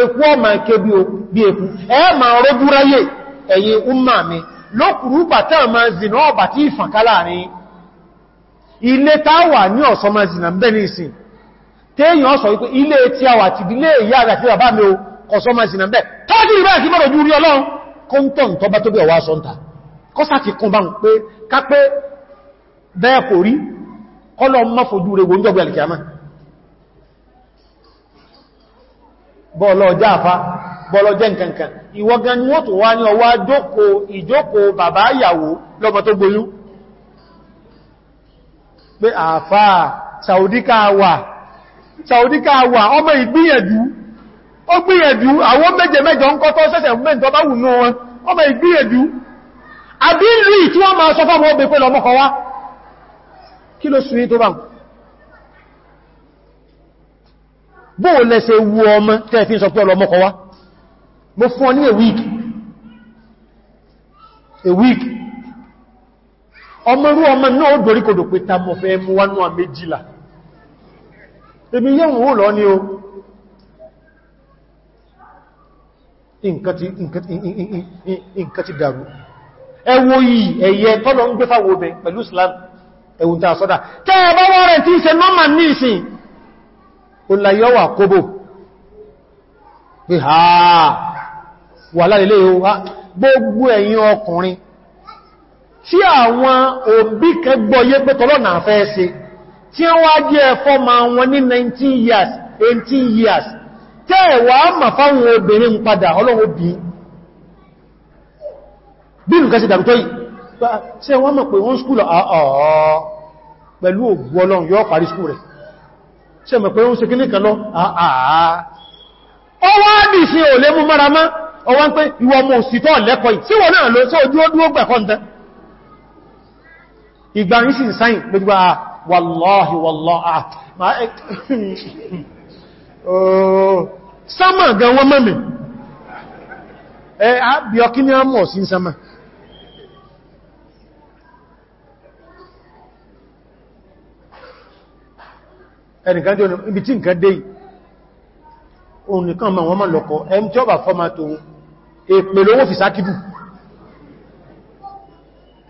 ekú ọmọ ẹkẹ́ bí o bí ekú ẹ ma rọ́jú ẹ̀yìn umma mi lókùrú bàtà ma zìnà ọba tí ìfànká láàrin ilé táwà ní ọ̀sọ́ ma zìnà ń bẹ́ ní ìsìn téèyàn ọ̀sọ̀ wípé ilé tí a wà ti dílé ìyá àgbà tí bàbá mi o ọ̀sọ́ ma zìnà ń bẹ́ tọ́jú ìbẹ́ àti mọ́rọ̀ ojú rí ọlọ́run bọ́ọ̀lọ́ jáfá bọ́ọ̀lọ́ jẹ́ nkankan ìwọ̀gan ni wọ́n tó wá ní ọwá jókò ìjókò bàbá ìyàwó lọ́mọ tó gboyún pé àfá saudika wà saudika wà ọmọ ìgbìyànjú ó gbìyànjú àwọn méje mẹ́jọ ń kọ́tọ́ sẹ́sẹ̀ mẹ́ntọ́ bá wù náà wọn ọmọ ìgbìyànjú àbí rí tí wọ́n máa bó lẹ́sẹ̀ wu ọmọ tẹ́ẹ̀fí sọ pé ọlọ́mọ́kọ wá mo fún ọ ní a week a week ọmọrú ọmọ náà ó dorí kodò pé ta mọ̀ fẹ́ mú wánú à méjìlá yẹ́wùn ó lọ ní o nǹkan ti dàrú ẹwọ yìí ẹ̀yẹ tọ́lọ ń gbé obẹ̀ Islam rẹ̀ ó láyọ́ kóbò pé ha wà láìlé o gbogbo ẹ̀yin ọkùnrin tí àwọn òbí kẹgbọ́yé pé tọ́lọ́nà fẹ́ ṣe tí wọ́n jẹ́ ẹ̀fọ́ ma wọn ní 19 years 18 years tẹ́ẹ̀wà mà fáwọn obìnrin padà ọlọ́wọ́ bí bí nǹkan sí dàrútọ́ yìí ṣe wọ́n mọ̀ pé wọ́n skúlọ̀ àà ah, ah, pẹ̀lú ògbọ́lọ́n yóò parí skú rẹ̀ ṣe mọ̀ pé ó ń ṣe kíní kan lọ àà ah, ah, ah. ọwọ́ àbì sí ò lè mú mara má ọwọ́ ń pé ìwọ mọ̀ òsìtọ́ lẹ́kọ̀ọ́ tí wọ́n eh, oh. náà lọ eh, sí ojú ó dúó gbẹ̀kọ́ ń tẹ́ ìgbà ń sáyìn gbogbo à ẹnìkan tí ibi tí nǹkan dé òun nìkan ma wọ́n ma lọ́kọ́ ẹm tí ó bà fọ́mà tó èpè lówó fi sákìdù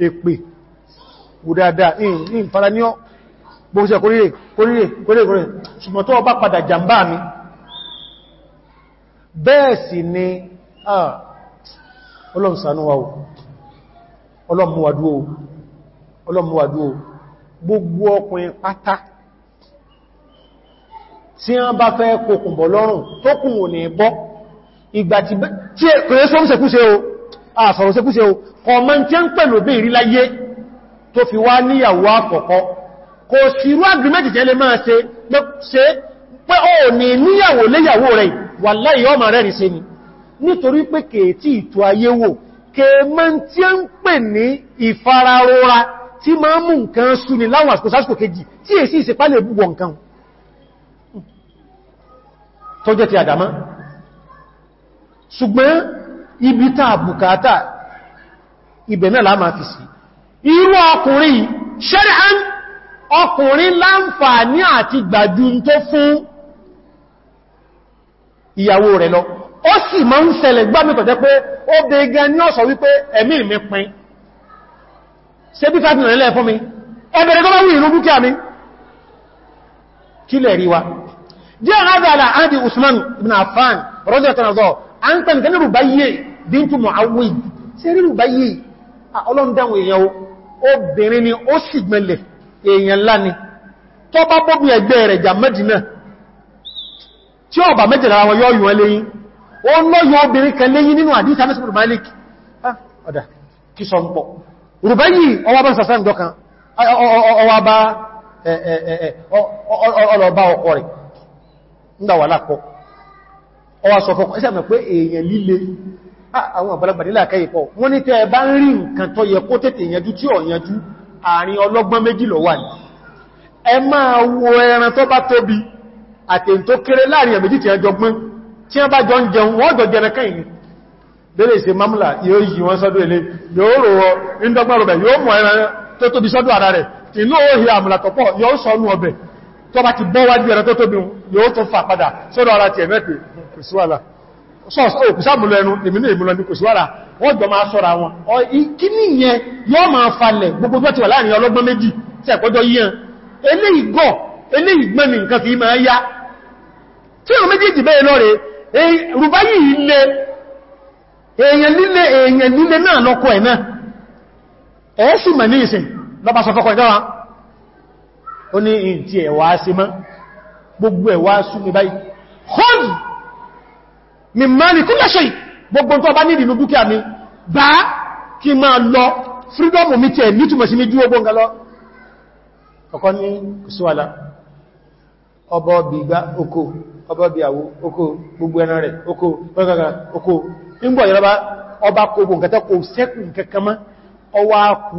èpè gùdàdà in fara ní ọ gbogbo kórìrè kórìrè kórìrè kórìrè ṣùgbọ́n tó bá padà jàmbá mi bẹ́ẹ̀ sì ni ọlọ́mùsànúwàwò ọlọ́mùwàdúwò gbogbo tí wọ́n bá fẹ́ kòkùnbọ̀ lọ́rùn tó kùn ò ní bọ́ ìgbà tí kòrò sọ́rọ̀ sẹ́kúṣe o àṣọ̀rọ̀ sẹ́kúṣe o ọmọ tí ń pẹ̀lú bí ìrí láyé tó fi wá níyàwó àkọ́kọ́ kò sírú agrimẹ́tì tẹ́ lè máa ṣe pé o ní níyàwó léyàwó rẹ̀ wàláhì ọmọ rẹ̀ rí se ni nítorí pé kèétí ìtò ayé wò kèémọ́ tí ń pè ní ìfararora tí máa mú nǹkan súni láwọn àsìkò sásìkò kejì tí èsì ìsẹ̀pálẹ̀ búgbọ̀ nǹkan tó jẹ́ ti àdámá ṣùgbọ́n ibi tá bùkátà ibẹ̀ náà láàmà fi sí irú ọkùnrin ṣẹ́rẹ̀án ọkùnrin láǹfààní àti gbàjú tó fún ìyàwó rẹ̀ lọ ó sì máa ń ṣẹlẹ̀ gbámítọ̀ jẹ́ pé ó bẹ gan ní ọ̀sọ̀ wípé ẹ̀mí mi pin ṣe bí fàtìlẹ̀ fún mi ẹbẹ̀rẹ̀ tó bá wù ìrú dúkìá mi kílẹ̀ rí wa جاء هذا على usman ibn بن عفان رضي الله عنه أنت كان ربيع بنت معوذ سيري a أولون دانو obìnrin ni ó sì gbẹ̀lẹ̀ èèyàn ni tó bá bóbi ẹgbẹ́ rẹ̀ jà mẹ́dínà tí ó bà mẹ́jẹ̀ lára yóò yùn ẹlẹ́yìn ó ń lọ́yọ obìnrin kan lẹ́yìn nínú àdíta ní malik ọkọ̀ rẹ̀ ńgbàwà lápọ̀ ọwà sọ fọ́kọ̀ ẹsẹ̀ mẹ́ pé èèyàn líle àwọn àbálàgbà nílà kẹ́yẹ̀kọ́ wọ́n ní tẹ́ bá ń rí nǹkan tó yẹ kó tètè yanjú tí ò yanjú àárín ọlọ́gbọ́n méjì lọ wà ní ẹ máa wo ẹran tó bá tóbi àtẹ̀ tó kéré láàrin ẹ̀mẹ́jì tí ẹjọ gbọ́n tí wọ́n bá jọ ń jẹun wọ́n jọ jẹrẹ kẹ́yìn ni bẹ́lẹ̀ ìṣe mamla yóò yí wọn sọ́dọ̀ tó bá ti bọ́wájú ẹ̀rọ tó tóbi yóò tó fà padà sọ́dọ̀ ara ti ẹ̀mẹ́pẹ̀ kò síwàlá òkúsàmùlọ ẹnu ìmìnà ìmúlọ ní kò síwàlá wọ́n jọ máa sọ́ra wọn kí ní yẹn yóò máa falẹ̀ gbogbo tó ti wà láàrin ọlọ́gbọ́n méjì tí ẹ̀kọ́jọ́ yíyàn eléyìí gọ̀ eléyìí gbọ́n ni nǹkan fi máa yá tí àwọn méjèèjì bẹ́ẹ̀ lọ́rẹ̀ sọ fọ́kọ̀ ìdára ó ní ìntí ẹ̀wà sí mọ́ gbogbo ẹ̀wà sú mi báyìí hold mi máa ní kúlẹ̀ ṣe gbogbo tó bá nídìí ní dúkìá mi bá kí máa lọ freedom mi tẹ̀ nítùmọ̀ sí mi dúró gbọ́nga lọ ọkọ́ ní kùsùwàlá ọbọ̀ bí gbá oko ọbọ̀ bí àwó oko gbogbo ẹran rẹ̀ oko gbọ́gbọ́gbọ́ oko ń bọ̀ yọ́rọba ọba kò bò nǹkan tẹ́ kò sẹ́kù nǹkan mọ́ ọwá kù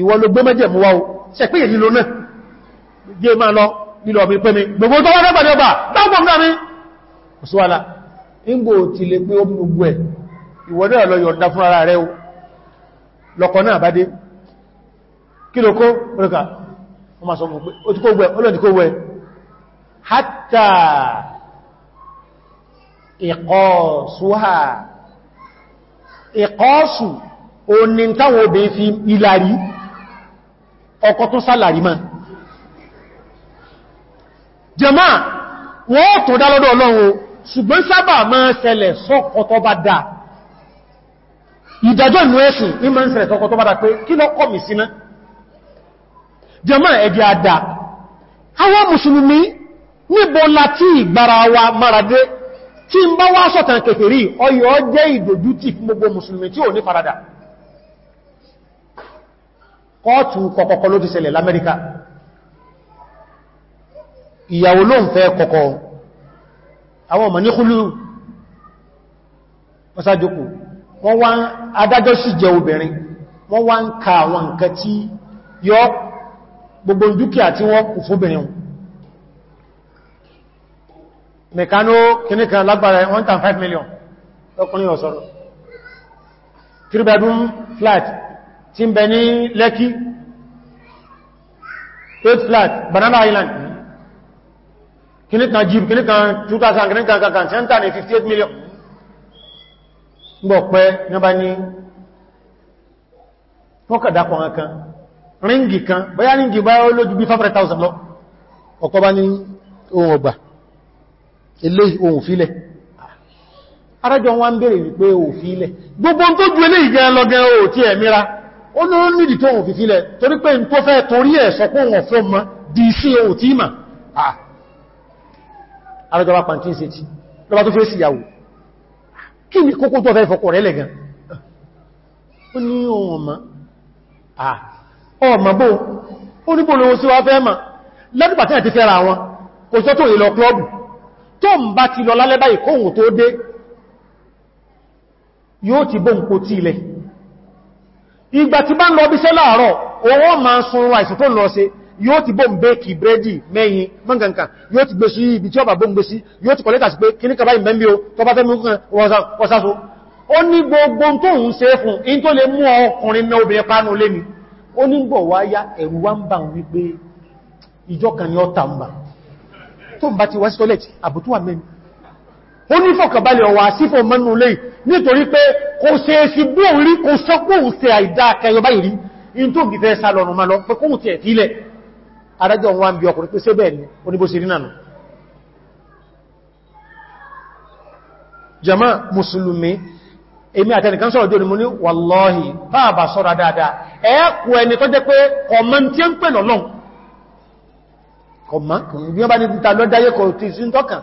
ìwọ ló gbé mẹ́jẹ̀ mú wá o ṣẹ̀pẹ́ èyí ló náà gé máa lọ nílò ọ̀bí pẹ́mi gbogbo tó wọ́n rẹ̀ pàdé ọba dágbọ̀n náà mi ọ̀sọ́wàlá ingbò ti lè pé omi gbogbo ẹ̀ ìwọ náà lọ yọ̀ǹda fún ara rẹ̀ o lọ́kọ̀ náà bá dé òní táwọn obìnrin fi ìlàrí ọkọ̀ tún sálàrí máa jẹma wọ́n tó dá lọ́dọ̀ ọlọ́run ṣùgbọ́n sábà máa ṣẹlẹ̀ sọ́kọ̀tọ́ bá dáa ìdájọ́ ìlú ẹ̀sìn ní máa ń ṣẹlẹ̀ sọ́kọ̀tọ́ bá dáa pé kí lọ kọ́ mi síná jẹma ẹ̀dì àdá àwọn mùsùlùmí níbo láti ìgbàra wa máradé farada kọ́ọ̀tù kọ̀kọ̀kọ́ ló ti ṣẹlẹ̀ l'Amẹ́ríkà ìyàwó ló ń fẹ́ kọ̀kọ́ àwọn ọmọ ní kúlù ọsájókù wọ́n wá adájọ́ sì jẹ obìnrin wọ́n wá ń ka àwọn nǹkan tí yọ gbogbo dúkìá tí wọ́n kù fóbìnrin mẹ̀kánó bedroom flat tí ń bẹ ní Lẹ́kí 8 flat Banana Island kìníkan jeep kìníkan 2000 kìníkan kankan center ní 58 million gbọ́ pẹ́ níbá ní wọ́n kàdàpọ̀ kankan ríngì kan bóyá ríngì bá ó lójú bí 500,000 lọ ọ̀kọ́ bá ní ohun ọgbà ilé ohun fílẹ̀ arájọ wọn ń bèèrè wípé òfin ilẹ̀ gbogbo tó ju eléyìí gan lọ tí ẹ̀míra ó ní ó nìdí tó òfin filẹ̀ torí pé n tó fẹ́ torí ẹ̀ sọ pé wọ́n fún ọmọ di sí ohun tí mà àrẹ́jọba pàntí ṣe tí lọ́wọ́ tó fẹ́ sí ìyàwó kí ni kókó tó fẹ́ fọkọ̀ rẹ̀ lẹ́gàn ó ní ọmọ ọmọ bó ó ní bóòlówó sí wá fẹ́ mà lẹ́dùpà tí àti fẹ́ra wọn kò sọ tó ìlọ klọ́bù tó ń bá ti lọ lálẹ́ báyìí kóhùn yóò ti bó ń po tí ilẹ̀ ìgbà tí bá ń lọ bí sẹ́ láàárọ̀ owó ma ń sun àìsàn tó lọ sí yóò ti bó ń bẹ́ kì brẹ́dì mẹ́yìn mọ́nkankan yóò ti gbé sí ibi tí ọba bó ń gbé sí yóò ti kọ̀lẹ́tà sí pé kí ní kàbá ìmẹ́mí o tó bá fẹ́mí ọ̀sáso ó ní gbogbo tó ń ṣe fún in tó lè mú ọkùnrin mẹ́ obìnrin pánú lé mi ó ní gbọ̀ wá ó ní fọ̀kàbalẹ̀ ọ̀wà sífò mọ́nú lè nítorí pé kò ṣe é sí bó rí kò sọ́pọ̀ òṣè àìdá akẹyọ báyìí rí in tó gìfẹ́ sá lọ́nà máa lọ pé kóhùn ti ẹ̀tí ilẹ̀ adájọ́ wọn bí ọkùnrin pé sébẹ̀ ní oníbóṣe rí nànà jama musulumi èmi àtẹnìkan sọ̀rọ̀ jò ní mo ní wàlọ́hì báàbà sọ́ra dáadáa ẹ̀ẹ́kù ẹni tó jẹ́ pé kọ̀mọ́ tí bí wọ́n bá ní ta lọ́dáyé sí ń tọ́kàn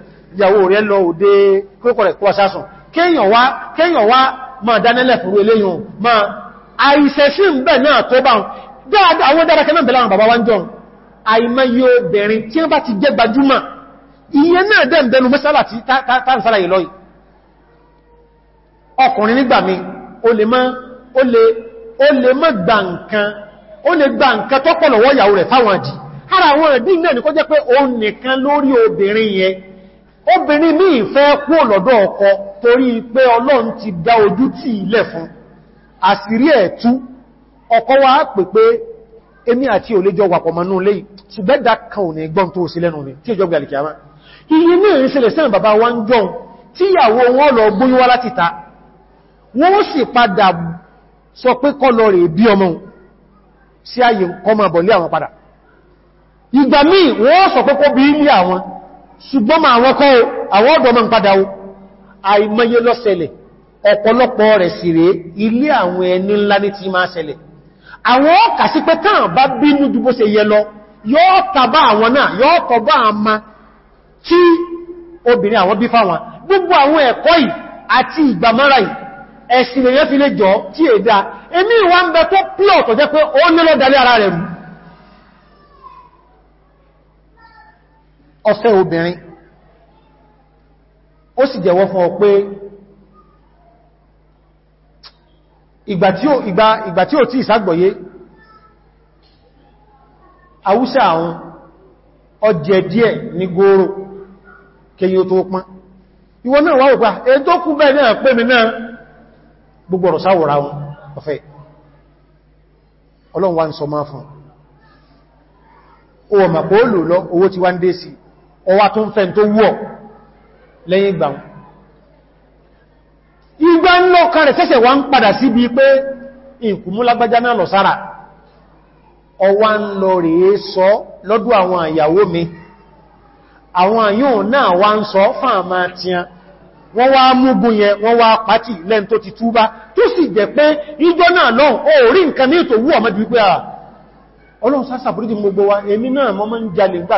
ìyàwó rẹ̀ lọ òde kókò rẹ̀ kó sásùn kéèyàn wá máa dánilẹ̀ fúrú eléyìn ma àìsẹ̀ sí ń bẹ̀ náà tó bá dáadáa àwọn dárakẹ́ náà bẹ̀láwọn bàbá wájọ́ àìmọ́ yóò bẹ̀rin tí ó bá ti jẹ́ gbajúmọ̀ ìyẹn náà dẹ̀ ń bẹnu mẹ́sàlá tí tàbísára yìí lọ́yìn ọkùnrin nígbà mi ó lè mọ́ gbà nǹkan ó lè gbà obìnrin míì fẹ́ kú lọ́dọ̀ ọkọ torí pé ọlọ́run ti dá ojú tì ilẹ̀ fún àṣírí ẹ̀ tú ọkọ wá pè pé èmi àti òlejọ wàpọ̀ mọ́nú lè ṣùgbẹ́dà kan ò ní gbọ́n tó sí lẹ́nu mi tí ìjọ gbẹ̀lẹ̀ kìíyàmá iye ní ìrìnṣẹlẹ̀ sẹ́rìn bàbá wá ń jọun àwọn ṣùgbọ́n ma àwọn kọ́ àwọn ọ̀dọ̀ ma ń padà o àìmọye ló ṣẹlẹ̀ ọ̀pọ̀lọpọ̀ rẹ̀ sì rẹ̀ ilé àwọn ẹni ńlá ní ti máa ṣẹlẹ̀ àwọn ọkà sí pé tán bá bínú ju bó ṣe yẹ lọ yóò tàbá àwọn náà yóò tọ́bá àmà tí obìnrin ọfẹ́ obìnrin ó sì jẹ́wọ́ fún ọ pé ìgbà tí ó tí ìsàgbọ̀yé àwúsà àwọn ọjẹ́ díẹ̀ ní góòrò kẹyí ó tó pán ìwọ náà wà òpá ètò kú bẹ́ẹ̀ náà pé mi náà gbogbo ọ̀rọ̀ sáwọ̀rá wọn ọ̀fẹ́ ọlọ́run wá ń sọ máa fún ọmọ pòólù lọ owó ti wá ń dé sí ọwá tó ń fẹ́ tó wọ́ lẹ́yìn ìgbà ìgbà ń lọ kàrẹ̀ sẹ́sẹ̀ wá ń padà sí bí pé ìkùnmúlágbájá náà lọ sára ọwá ń sọ àwọn àyàwó mi àwọn àyàn náà wá ń sọ fáàmà tíyàn wọ́n wá múgun yẹn wọ́n wá pàtì lẹ́n tó ti túbá tó sì jẹ́ pé ìjọ náà lọ́n ó rí nǹkan ní ètò wú ọmọdé wípé à ah, ọlọ́run èmi náà mọ́ mọ́ ń jalè gbà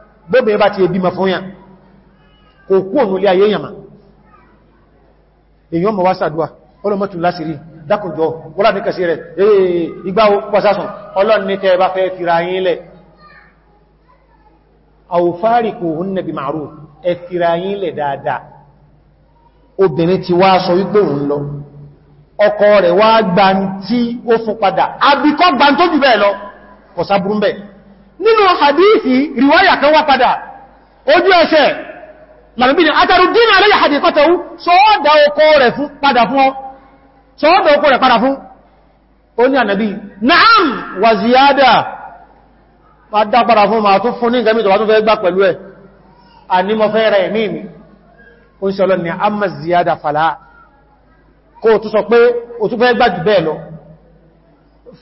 bóbi bá ti ebi ma fún yàn kò kú òun ilé ayé yàmà èyàn mọ̀ wá sàdúwà ọlọ́mọ́tù lásìrí dákùnjọ wọ́lá ní kẹsí rẹ̀ èyí igbá pàṣásùn ọlọ́run ní tẹ́ẹ̀bá fẹ́ fìrà yín lẹ̀ àwòfáàríkò hún nẹ̀bí màrú ẹ fìrà yín nínú hadithi riwaya kan wá padà ojú ẹsẹ̀ làbíbí ni àtàrùdínà aláyà hadikọ́tẹ̀wú sọ́ọ́dà ọkọ rẹ̀ padà fún ọ sọ́ọ́dà ọkọ rẹ̀ padà fún ó ní ànàbí na'am wà ziyada padà padà fún ma tún fún ní gẹ́mìtò wà tún fẹ́ gbá pẹ̀lú ẹ̀ ànímọ̀ fẹ́ rẹ̀ mímí ó ń sọ́lọ́ ni a mọ̀ ziyada fàlá kó tún sọ pé ó tún fẹ́ gbá jù bẹ́ẹ̀ lọ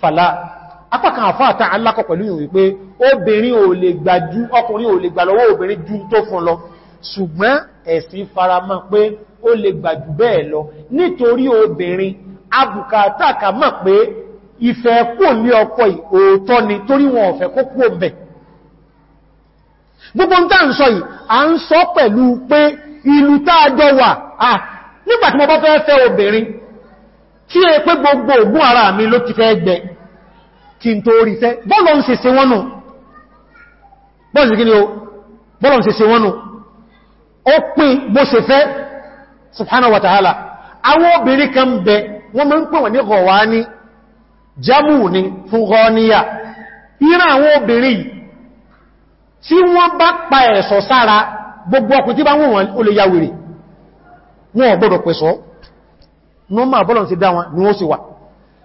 fàlá apákan àfáàtà alákọ̀ pẹ̀lú ìwò wípé obìnrin ò lè gbà ju ọkùnrin ò lè gbà lọ́wọ́ obìnrin ju tó fún lọ ṣùgbọ́n ẹ̀sìn faramọ́ pé ó lè gbà jù bẹ́ẹ̀ lọ nítorí obìnrin abùkátàkà mọ̀ pé ìfẹ́ kú ní ọkọ ìòótọ́ ni torí wọn ò fẹ́ kó kú ọbẹ̀ gbogbo ń tàà ń sọ yìí a ń sọ pẹ̀lú pé ìlú tààjọ wà à nígbàtí mo bá fẹ́ fẹ́ obìnrin tí e pé gbogbo ògùn ara mi ló ti fẹ́ gbẹ̀ẹ́ kí n tó rí fẹ́ bọ́lọ̀ ń sèse wọ́nù bọ́lọ̀ ń sèse wọ́nù ó pín bó ṣe fẹ́ subhanahu wa ta'ala àwọn obìnrin kan bẹ wọ́n mọ́ ń pè wọ́n ní gọ̀wání jámù ní fún gọ́níyà ìran àwọn obìnrin tí wọ́n bá pa ẹ̀ṣọ́ sára gbogbo ọkùn tí bá wọ́n wọ́n ó lè wọ́n ò pẹ̀ṣọ́ ní wọ́n ti dá wọn ni wọ́n sì wà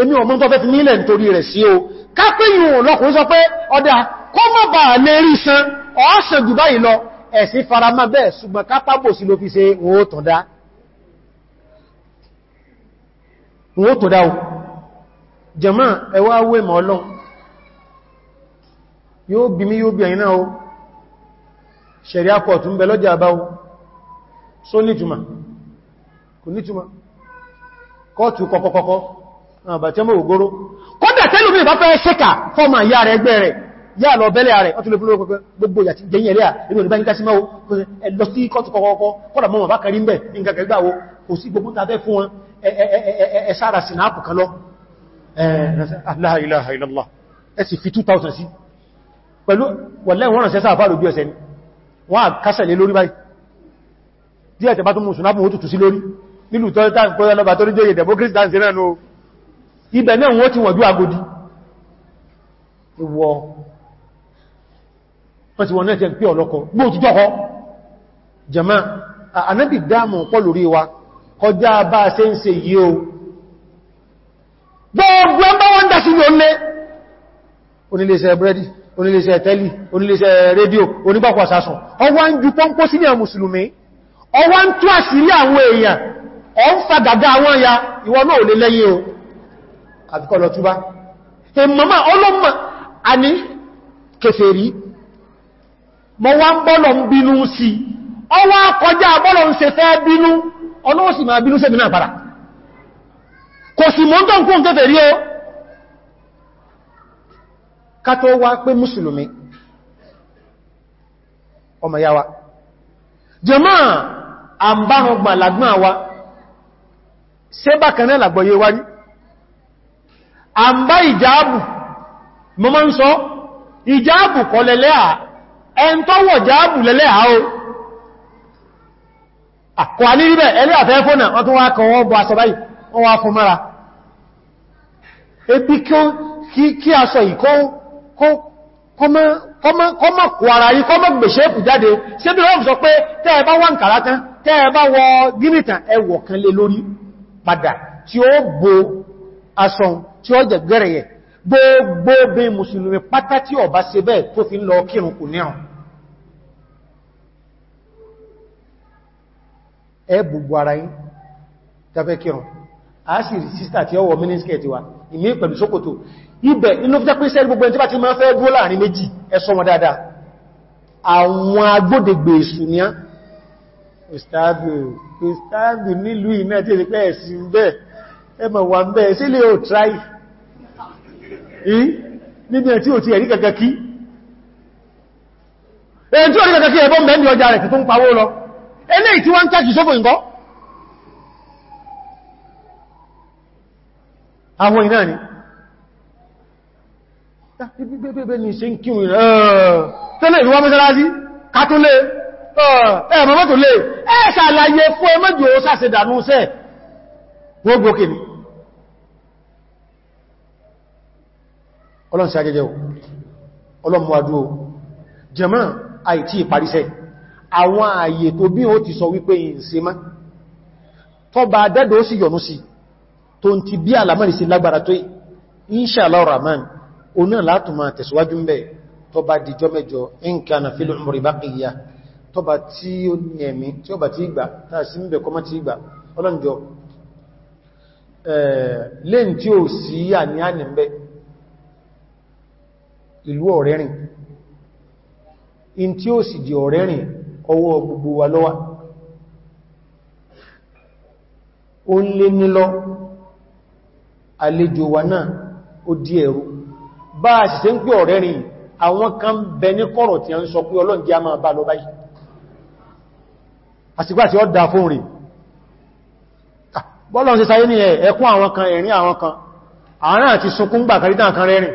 èmi ọmọ tó fẹ́ fi nílẹ̀ nítorí o kápẹ́yìn ọlọ́kùnrin sọ pé ọdá kọ́ mọ́ bà lè rí san ọ̀ọ́sàn jù báyìí lọ ẹ̀sìn faramá bẹ́ẹ̀ ṣùgbọ́n kápábò sí ló fi ṣe wọ́n o jẹ̀mọ́ ẹwà awé àbàtí ọmọ ògóró kódà tẹ́lù mi bá fẹ́ ṣẹ́kà fọ́mà ìyá rẹ̀ ẹgbẹ́ rẹ̀ yà lọ bẹ́lẹ̀ rẹ̀ ọtún lè fún lórí gbogbo ìyà tí jẹyìn ẹ̀rẹ́ ìlú ìbá nígbà sí máa ẹ̀lọ sí kọ́tù kọ́kọ́ kọ́dà mọ́mọ̀ bá kẹrí mẹ́ nǹkan kẹgbà wo kò sí gbogbo tàbẹ́ fún wọn ẹ̀ṣára sí náà pùkan lọ la ilaha illallah ẹ sì fi 2000 sí pẹ̀lú wọ̀lẹ́ wọ́n rẹ̀ sẹ́sà àfáàrù bí ọ̀sẹ̀ ni wọ́n à kásẹ̀ lé lórí báyìí díẹ̀ tẹ̀bá tó mú sùn lápùn ó tùtù sí lórí nílùú tọ́lẹ́tà ń pẹ́ lọ́bà tó ní jẹ́ ìdẹ̀bókírìsì dáǹsì náà ibẹ̀ náà wọ́n ti wọ̀dú agodi ìwọ wọ́n ti wọ́n náà ti ń pè ọlọ́kọ̀ gbóò ti jọ́kọ́ jama anábì dámù pọ̀ lórí wa kọjá bá ṣe ń ṣe yíò gbogbo ẹmbá wọ́n dá sí lónlé oníléeṣẹ́ brẹ́dì oníléeṣẹ́ tẹ́lì oníléeṣẹ́ rédíò ní àwọn mùsùlùmí ọwá àṣírí àwọn èèyàn ọ ń fagagá àwọn ya ìwọ náà ò lè lẹ́yìn o àbíkọ́ lọ túbá ìmọ̀má ọlọ́mà a ní kèfèrí mọ́ wá ń bọ́lọ̀ ń bínú sí ọwá kọjá bọ́lọ̀ ń ṣe fẹ́ bínú ọlọ́wọ́ sì máa bínú sí ìbínú àpàrà kò sì mọ́ tó ń kún kèfèrí o ká wá pé mùsùlùmí ọmọ yáwa jẹmọ́ àmbárùn lágbọ́n àwa ṣe bákanáà làgbọ́yé wárí a ń bá ìjáàbù mọ́ mọ́ ń sọ ìjáàbù kọ lẹ́lẹ́à ẹn tó wọ̀ jáàbù lẹ́lẹ́à o kò a ní rí bẹ́ ẹlẹ́ àfẹ́fọ́nà wọ́n tó wá kan wọ́n bọ́ aṣọ báyìí wọ́n wá fún mara ebi kí aṣọ ìkọ́ kọmọ kò ara tí ó bo aṣọ tí ó jẹ gẹ́rẹ̀ yẹ gbogbo bí mùsùlùmí pátá tí ó bá ṣe bẹ́ẹ̀ tó fi ń lọ kírun kò ní ẹ gbogbo ara yín tafẹ́ kírun a sì rí sísà tí ó wọ mínísíkẹ̀ẹ́tì wa ìmí pẹ̀lú sókòtò ibẹ̀ inú fíjá pín sẹ́rí nílùú ìmẹ́ tí èsì ẹ̀sìn bẹ́ẹ̀ ẹmọ̀ wà ń bẹ́ẹ̀ sílé ò tráì níbi ẹ̀ tí ò ti ẹ̀rí kẹ̀kẹ́ kí èyí tí ò rí kẹ̀kẹ́ kí ẹbọ́n bẹ́ẹ̀ ní ọjà rẹ̀ tó ń pawó lọ eléyìí tí wọ́n ń tàjì sófò ǹkọ́ àwọn iná ni bẹ́ẹ̀bẹ́ẹ̀ ni ṣe ń kí tẹ́lẹ̀ ìlú wọ́n mẹ́sẹ́lájí kátólé ẹ̀mọ́mọ́tò lè ẹ̀ṣàlàyé fún ẹmọ́jì ó sàṣẹ̀dànú sẹ́ gbogbo kìí ọlọ́n sí agẹ́gẹ́ ọlọ́mọ̀wàdúó jẹmọ́ àìtí ìparísẹ́ àwọn ààyè tó bí ó ti sọ wípé ìsinmá tó bá dẹ́dọ̀ ó sì yọ̀nú sí tó ń ti bí alamari sí lágbára tó inṣàlá rahman oná látù máa tẹ̀síwájú ń bẹ̀ tó bá dìjọ́ mẹ́jọ inkana fil umri baqiya tó bá tí lẹ́yìn tí ó sí àníánì ń ìlú ọ̀rẹ́rìn in tí ó sì di ọ̀rẹ́rìn ọwọ́ gbogbo wa lọ́wà ó ń lé nílọ àlejò wa náà ó di ẹ̀rù bá a sì ṣe ń pè ọ̀rẹ́rìn àwọn kan bẹ ní kọ̀rọ̀ tí a ń sọ pé ọlọ́n a máa bá lọ báyìí ah, bọ́lọ̀ ń ṣe sáyé ní ẹkún àwọn kan ẹ̀rín àwọn kan àárín àti sunkún gbà kàrítà kan rẹ́rìn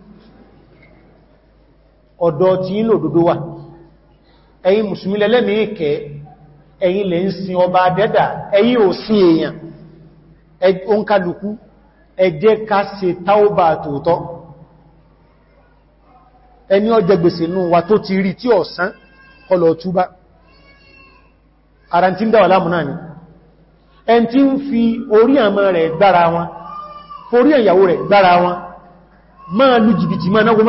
ọ̀dọ̀ tí ń lò dúdú wà ẹ̀yin mùsùlùmí lẹ́lẹ́mì ìkẹ́ lè ń sin ọba dẹ́dà ẹ̀yin ò sí èèyàn oúnkàlùkú ẹjẹ́ ká ṣe táúbà tòótọ́ ẹni ọjẹ́ gbèsè nù wa tó ti rí tí ọ̀sán kọlọ̀ túbá máa jìbìtì máa náwó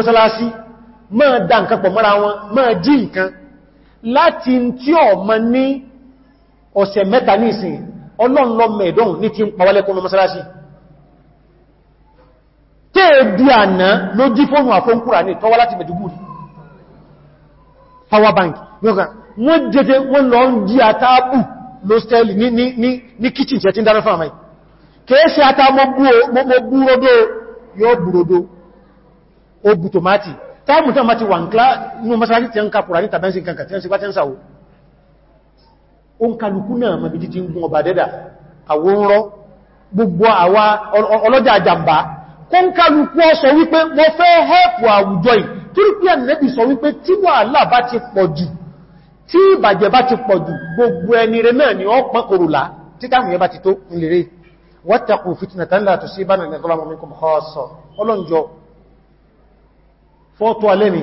máa dá nǹkan pọ̀ mọ́ra wọn máa jí nǹkan láti tí ọ ma ní ọ̀sẹ̀ mẹ́ta ní ìsìn ọlọ́nlọ mẹ́ẹ̀dọ́n ní ti ń pàwálẹ́kún dị kéèdì àná ló jí fóònù àfóǹkúrà ní tọ́wọ́ láti Maiduguri power bank táìmù tán bá ti wà ń klá ní masáàrí tí ó ń ka kùrà ní tàbí ǹkan kàtí ẹ̀sì bá tẹ́ ń sàwò o ń kalùkú náà mọ̀ bíjí ti ń gun ọba dẹ́dà àwòrán gbogbo àwa ọlọ́jà àjàmbá kó ń kalùkú ọ sọ wípé mo fẹ́ hẹ́pù àwùjọ yìí ni ó pọ́n kòrùlá tí táàmù yẹn bá ti tó ń lèrè wọ́tàkù fìtìnà tánlá tó sí ìbánà ìgbẹ̀tọ́lá ọlọ́njọ́ fọ́tọ́ alẹ́mi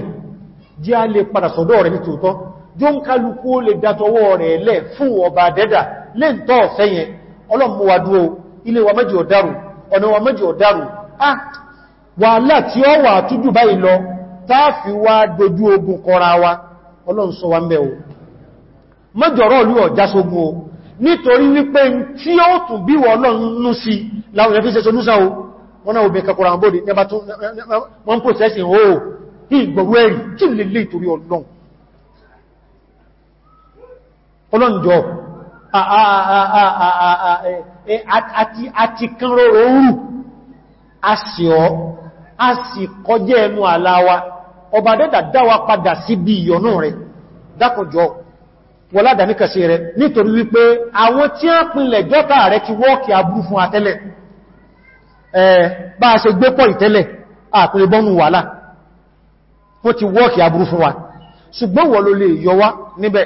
jí a lè padà sọ́dọ̀ rẹ̀ ní tòótọ́ jó ń kálukú lè dátọwọ́ rẹ̀ lẹ́ fún ọba dẹ́dà lè ń tọ́ ọ̀fẹ́yẹn ọlọ́mọwàdúó ilé wa méjì ọ̀dárù ọ̀nà wa méjì ọ̀dárù ah wàhálà tí ó wà tújù báyìí lọ táàfi wá dojú ogun kọra wa wọ́n náà obìnrin kakọrọ àwọn bóòdì nẹba tún wọ́n pò sẹ́sìn oó ìgbọ̀rú ẹ̀rì kí lè lè torí ọlọ́n ọlọ́njọ́ àti e, kan rọrọ oòrù a sì ọ́ a sì kọjẹ́ ẹnu àláwa ọba dẹ́dà dáwà padà sí bí ìyọnú rẹ̀ dákọjọ́ wọládàmíkàsí rẹ̀ nítorí wípé àwọn tí a pinlẹ̀ jọ́ta rẹ̀ ti wọ́ọ̀kì abúrú fún atẹ́lẹ̀ bá a ṣe gbépọ̀ ìtẹ́lẹ̀ àkùnrin bọ́nù wàhálà wọ́n ti wọ́ọ̀kì aburú fún wa ṣùgbọ́n wọ́n ló lè yọwá níbẹ̀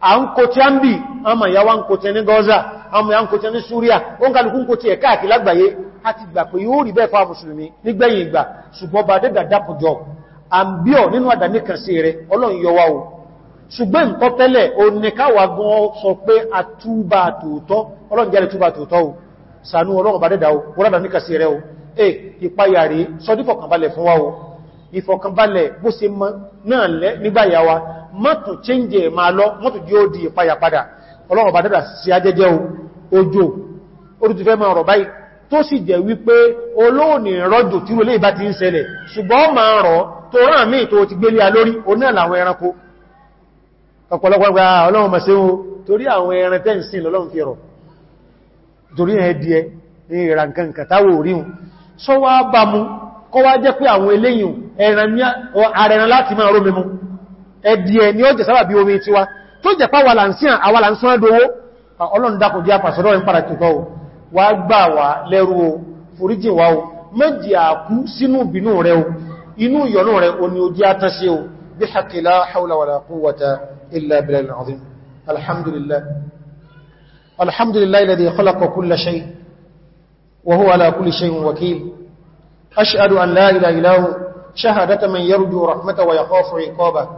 à ń kò tí a ń bì ọmọ ìyàwó ń kò tí ní Gaza ọmọ ìyàwó ń kò tí ní Súríà ó ń kàlùkù ń kò tí ẹ̀ká àti lágbàáyé a ti gbà pé yóò rí bẹ́ẹ̀ fáwọn mùsùlùmí nígbẹ̀yìn ìgbà ṣùgbọ́n bá dẹ́gbà dápùjọ àmbíọ̀ nínú àdáni kan sí o ṣùgbọ́n nǹkan tẹ́lẹ̀ oníkáwà gan sọ pé àtúbà tòótọ́ Ọlọ́run jẹ́ sànú ọlọ́run bá dẹ́dà o wọ́rọ̀dà ní kàsí rẹ̀ o e ìpayà rí sọdí fọ̀kànbalẹ̀ fún wa o ìfọ̀kànbalẹ̀ bó ṣe mọ́ náà lẹ́ nígbàyà wa mọ́tù chẹ́ǹjẹ̀ máa lọ mọ́tù jí ó di ìpayà padà ọlọ́run bá dẹ́dà sí ajẹ́jẹ́ o ojo orútufẹ́ máa rọ̀ báyìí tó sì jẹ́ wípé olóòní rọ́jò tí rólé ìbá ti ń ṣẹlẹ̀ ṣùgbọ́n máa rọ̀ tó rán mí tó ti gbélé alórí oná làwọn ẹranko ọ̀pọ̀lọpọ̀ lọ́lọ́run fi rọ̀ torí ẹ̀dìẹ ní ìran kankan táwò oríhun sọ wá bá mú kọ́ wá jẹ́ pé àwọn eléyìn ẹ̀rẹ̀rẹ̀ láti máa rómi mú ẹ̀dìẹ ni ó jẹ́ sábà bí omi tiwa tó jẹ́ pá wàlànsíàn àwàlànsán ẹ̀dọ́wó ọlọ́run dákò jẹ́ àpàṣọ́rọ̀ ń padà tòtọ́ o الحمد لله الذي خلق كل شيء وهو على كل شيء وكيل أشهد أن لا إله إله شهادة من يرجو رحمة ويخاف عقابه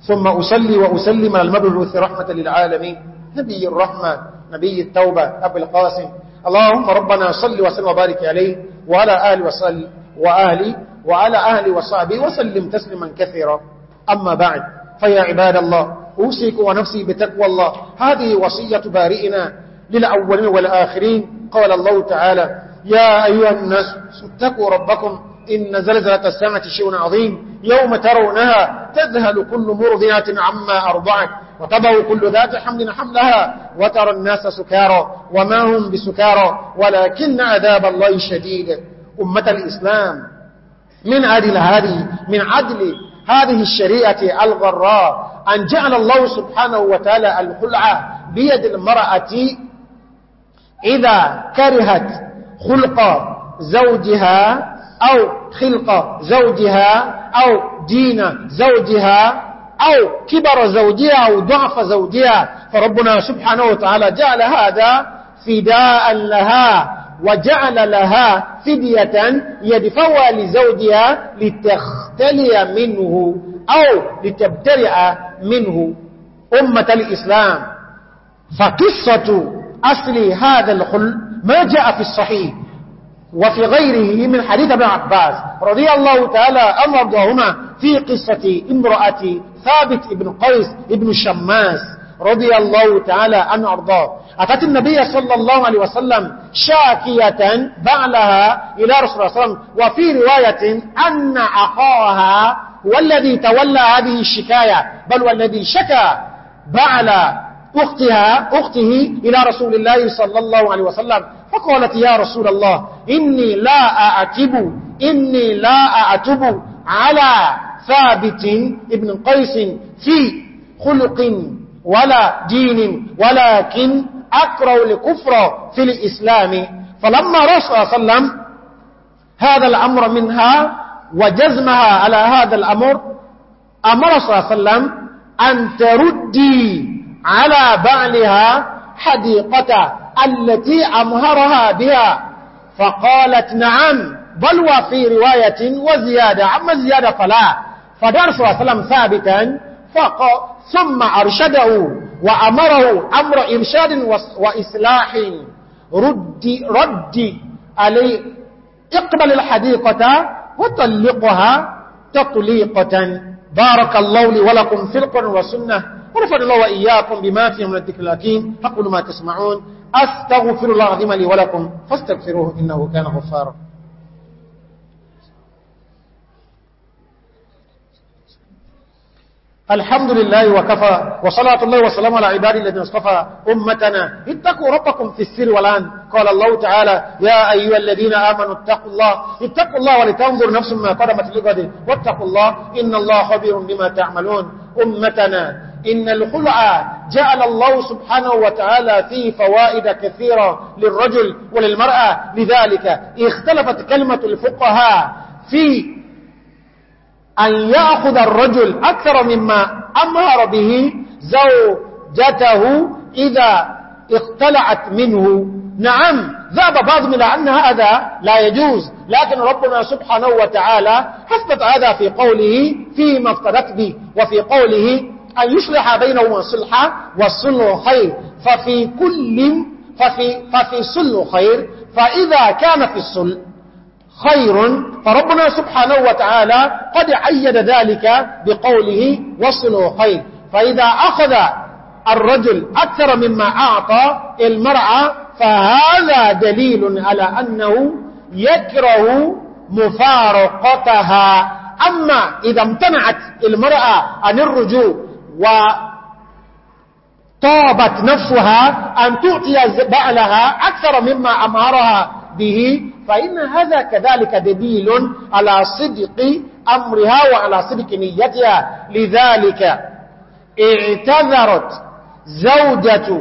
ثم أسلي وأسلم المبعوث رحمة للعالمين نبي الرحمة نبي التوبة أبو القاسم اللهم ربنا صل وسلم وبارك عليه وعلى آل وصل وآلي وعلى أهل وصحبه وسلم تسلما كثيرا أما بعد فيا عباد الله أوسيك ونفسي بتقوى الله هذه وصية بارئنا للأولين والآخرين قال الله تعالى يا أيها الناس اتقوا ربكم إن زلزلة السماء شيء عظيم يوم ترونها تذهل كل مرضية عما أرضعت وتضع كل ذات حمل حملها وترى الناس سكارى وما هم بسكارى ولكن عذاب الله شديد أمة الإسلام من عدل هذه من عدل هذه الشريعة الغراء أن جعل الله سبحانه وتعالى الخلعة بيد المرأة إذا كرهت خلق زوجها أو خلق زوجها أو دين زوجها أو كبر زوجها أو ضعف زوجها فربنا سبحانه وتعالى جعل هذا فداء لها وجعل لها فدية يدفعها لزوجها لتختلي منه أو لتبترع منه أمة الإسلام فقصة أصل هذا الخل ما جاء في الصحيح وفي غيره من حديث ابن عباس رضي الله تعالى أمرضهما في قصة امرأة ثابت ابن قيس ابن شماس رضي الله تعالى أن أرضاه أتت النبي صلى الله عليه وسلم شاكية بعلها إلى رسول الله صلى الله عليه وسلم وفي رواية أن أخاها هو الذي تولى هذه الشكاية بل والذي شكى بعل أختها أخته إلى رسول الله صلى الله عليه وسلم فقالت يا رسول الله إني لا أعتب إني لا أعتب على ثابت ابن قيس في خلق ولا دين ولكن أقرأ لكفر في الإسلام فلما رسى صلى الله عليه وسلم هذا الأمر منها وجزمها على هذا الأمر أمر صلى الله عليه وسلم أن تردي على بعلها حديقة التي أمهرها بها فقالت نعم بل وفي رواية وزيادة أما الزيادة فلا فدار صلى الله عليه وسلم ثابتا ثم أرشده وأمره أمر إرشاد وإصلاح رد, رد عليه اقبل الحديقة وطلقها تطليقة بارك الله لي ولكم في القرآن والسنة ونفر الله وإياكم بما فيه من الذكر الأكيم أقول ما تسمعون أستغفر الله العظيم لي ولكم فاستغفروه إنه كان غفارا الحمد لله وكفى وصلاة الله وسلام على عباد الذين اصطفى أمتنا اتقوا ربكم في السر والآن قال الله تعالى يا أيها الذين آمنوا اتقوا الله اتقوا الله ولتنظر نفس ما قدمت لغد واتقوا الله إن الله خبير بما تعملون أمتنا إن الخلع جعل الله سبحانه وتعالى فيه فوائد كثيرة للرجل وللمرأة لذلك اختلفت كلمة الفقهاء في أن يأخذ الرجل أكثر مما أمهر به زوجته إذا اقتلعت منه نعم ذهب بعض من أن هذا لا يجوز لكن ربنا سبحانه وتعالى حسبت هذا في قوله فيما افتدت به وفي قوله أن يصلح بينهما صلحا والصلح خير ففي كل ففي, ففي صلح خير فإذا كان في الصلح خير فربنا سبحانه وتعالى قد عيد ذلك بقوله وصلوا خير فإذا أخذ الرجل أكثر مما أعطى المرأة فهذا دليل على أنه يكره مفارقتها أما إذا امتنعت المرأة عن الرجوع وطابت نفسها أن تعطي بعلها أكثر مما أمهرها به فإن هذا كذلك دليل على صدق أمرها وعلى صدق نيتها لذلك اعتذرت زوجة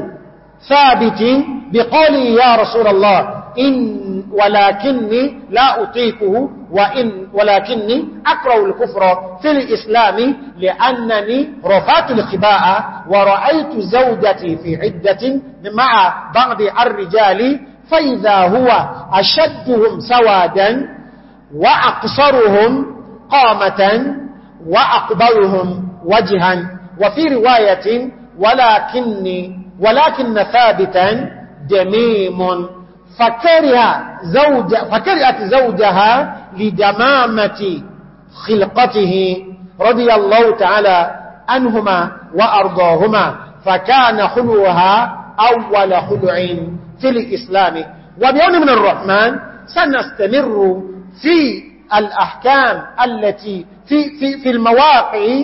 ثابت بقولي يا رسول الله إن ولكني لا أطيقه وإن ولكني أكره الكفر في الإسلام لأنني رفعت الخباء ورأيت زوجتي في عدة مع بعض الرجال فإذا هو أشدهم سوادا وأقصرهم قامة وأقبلهم وجها وفي رواية ولكني ولكن ثابتا دميم فكره زوج فكرهت زوجها لدمامة خلقته رضي الله تعالى عنهما وأرضاهما فكان خلوها أول خلع في الإسلام وبعون من الرحمن سنستمر في الأحكام التي في, في, في المواقع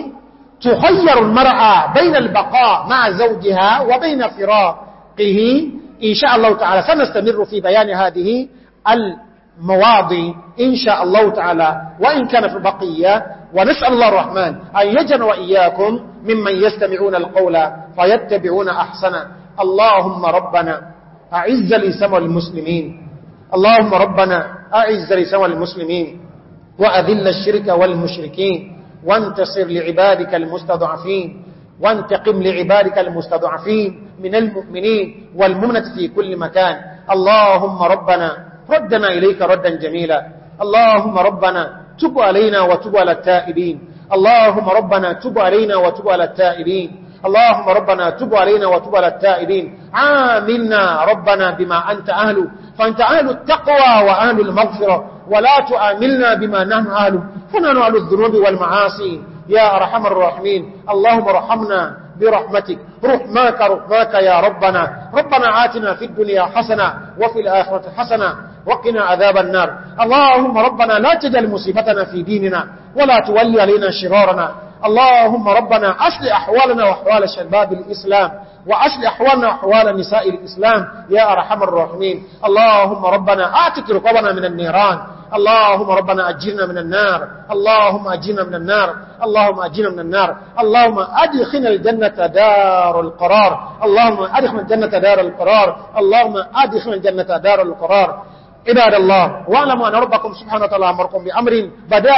تخير المرأة بين البقاء مع زوجها وبين فراقه إن شاء الله تعالى سنستمر في بيان هذه المواضي إن شاء الله تعالى وإن كان في البقية ونسأل الله الرحمن أن يجن وإياكم ممن يستمعون القول فيتبعون أحسن اللهم ربنا أعز الإسلام والمسلمين اللهم ربنا أعز الإسلام والمسلمين وأذل الشرك والمشركين وانتصر لعبادك المستضعفين وانتقم لعبادك المستضعفين من المؤمنين والمؤمنة في كل مكان اللهم ربنا ردنا إليك ردا جميلا اللهم ربنا تب علينا وتب على التائبين اللهم ربنا تب علينا وتب على التائبين اللهم ربنا تب علينا وتب على التائبين عاملنا ربنا بما أنت أهل فأنت أهل التقوى وأهل المغفرة ولا تآملنا بما نحن أهل فنحن أهل الذنوب والمعاصي يا أرحم الراحمين اللهم رحمنا برحمتك رحماك رحماك يا ربنا ربنا آتنا في الدنيا حسنة وفي الآخرة حسنة وقنا عذاب النار اللهم ربنا لا تجل مصيبتنا في ديننا ولا تولي علينا شرارنا اللهم ربنا أصل أحوالنا وأحوال شباب الإسلام وأصل أحوالنا وأحوال نساء الإسلام يا أرحم الراحمين اللهم ربنا آتك رقبنا من النيران اللهم ربنا أجرنا من النار اللهم أجرنا من النار اللهم أجرنا من النار اللهم أدخنا الجنة دار القرار اللهم أدخنا الجنة دار القرار اللهم أدخنا الجنة دار القرار عباد الله وأعلم أن ربكم سبحانه وتعالى أمركم بأمر بدأ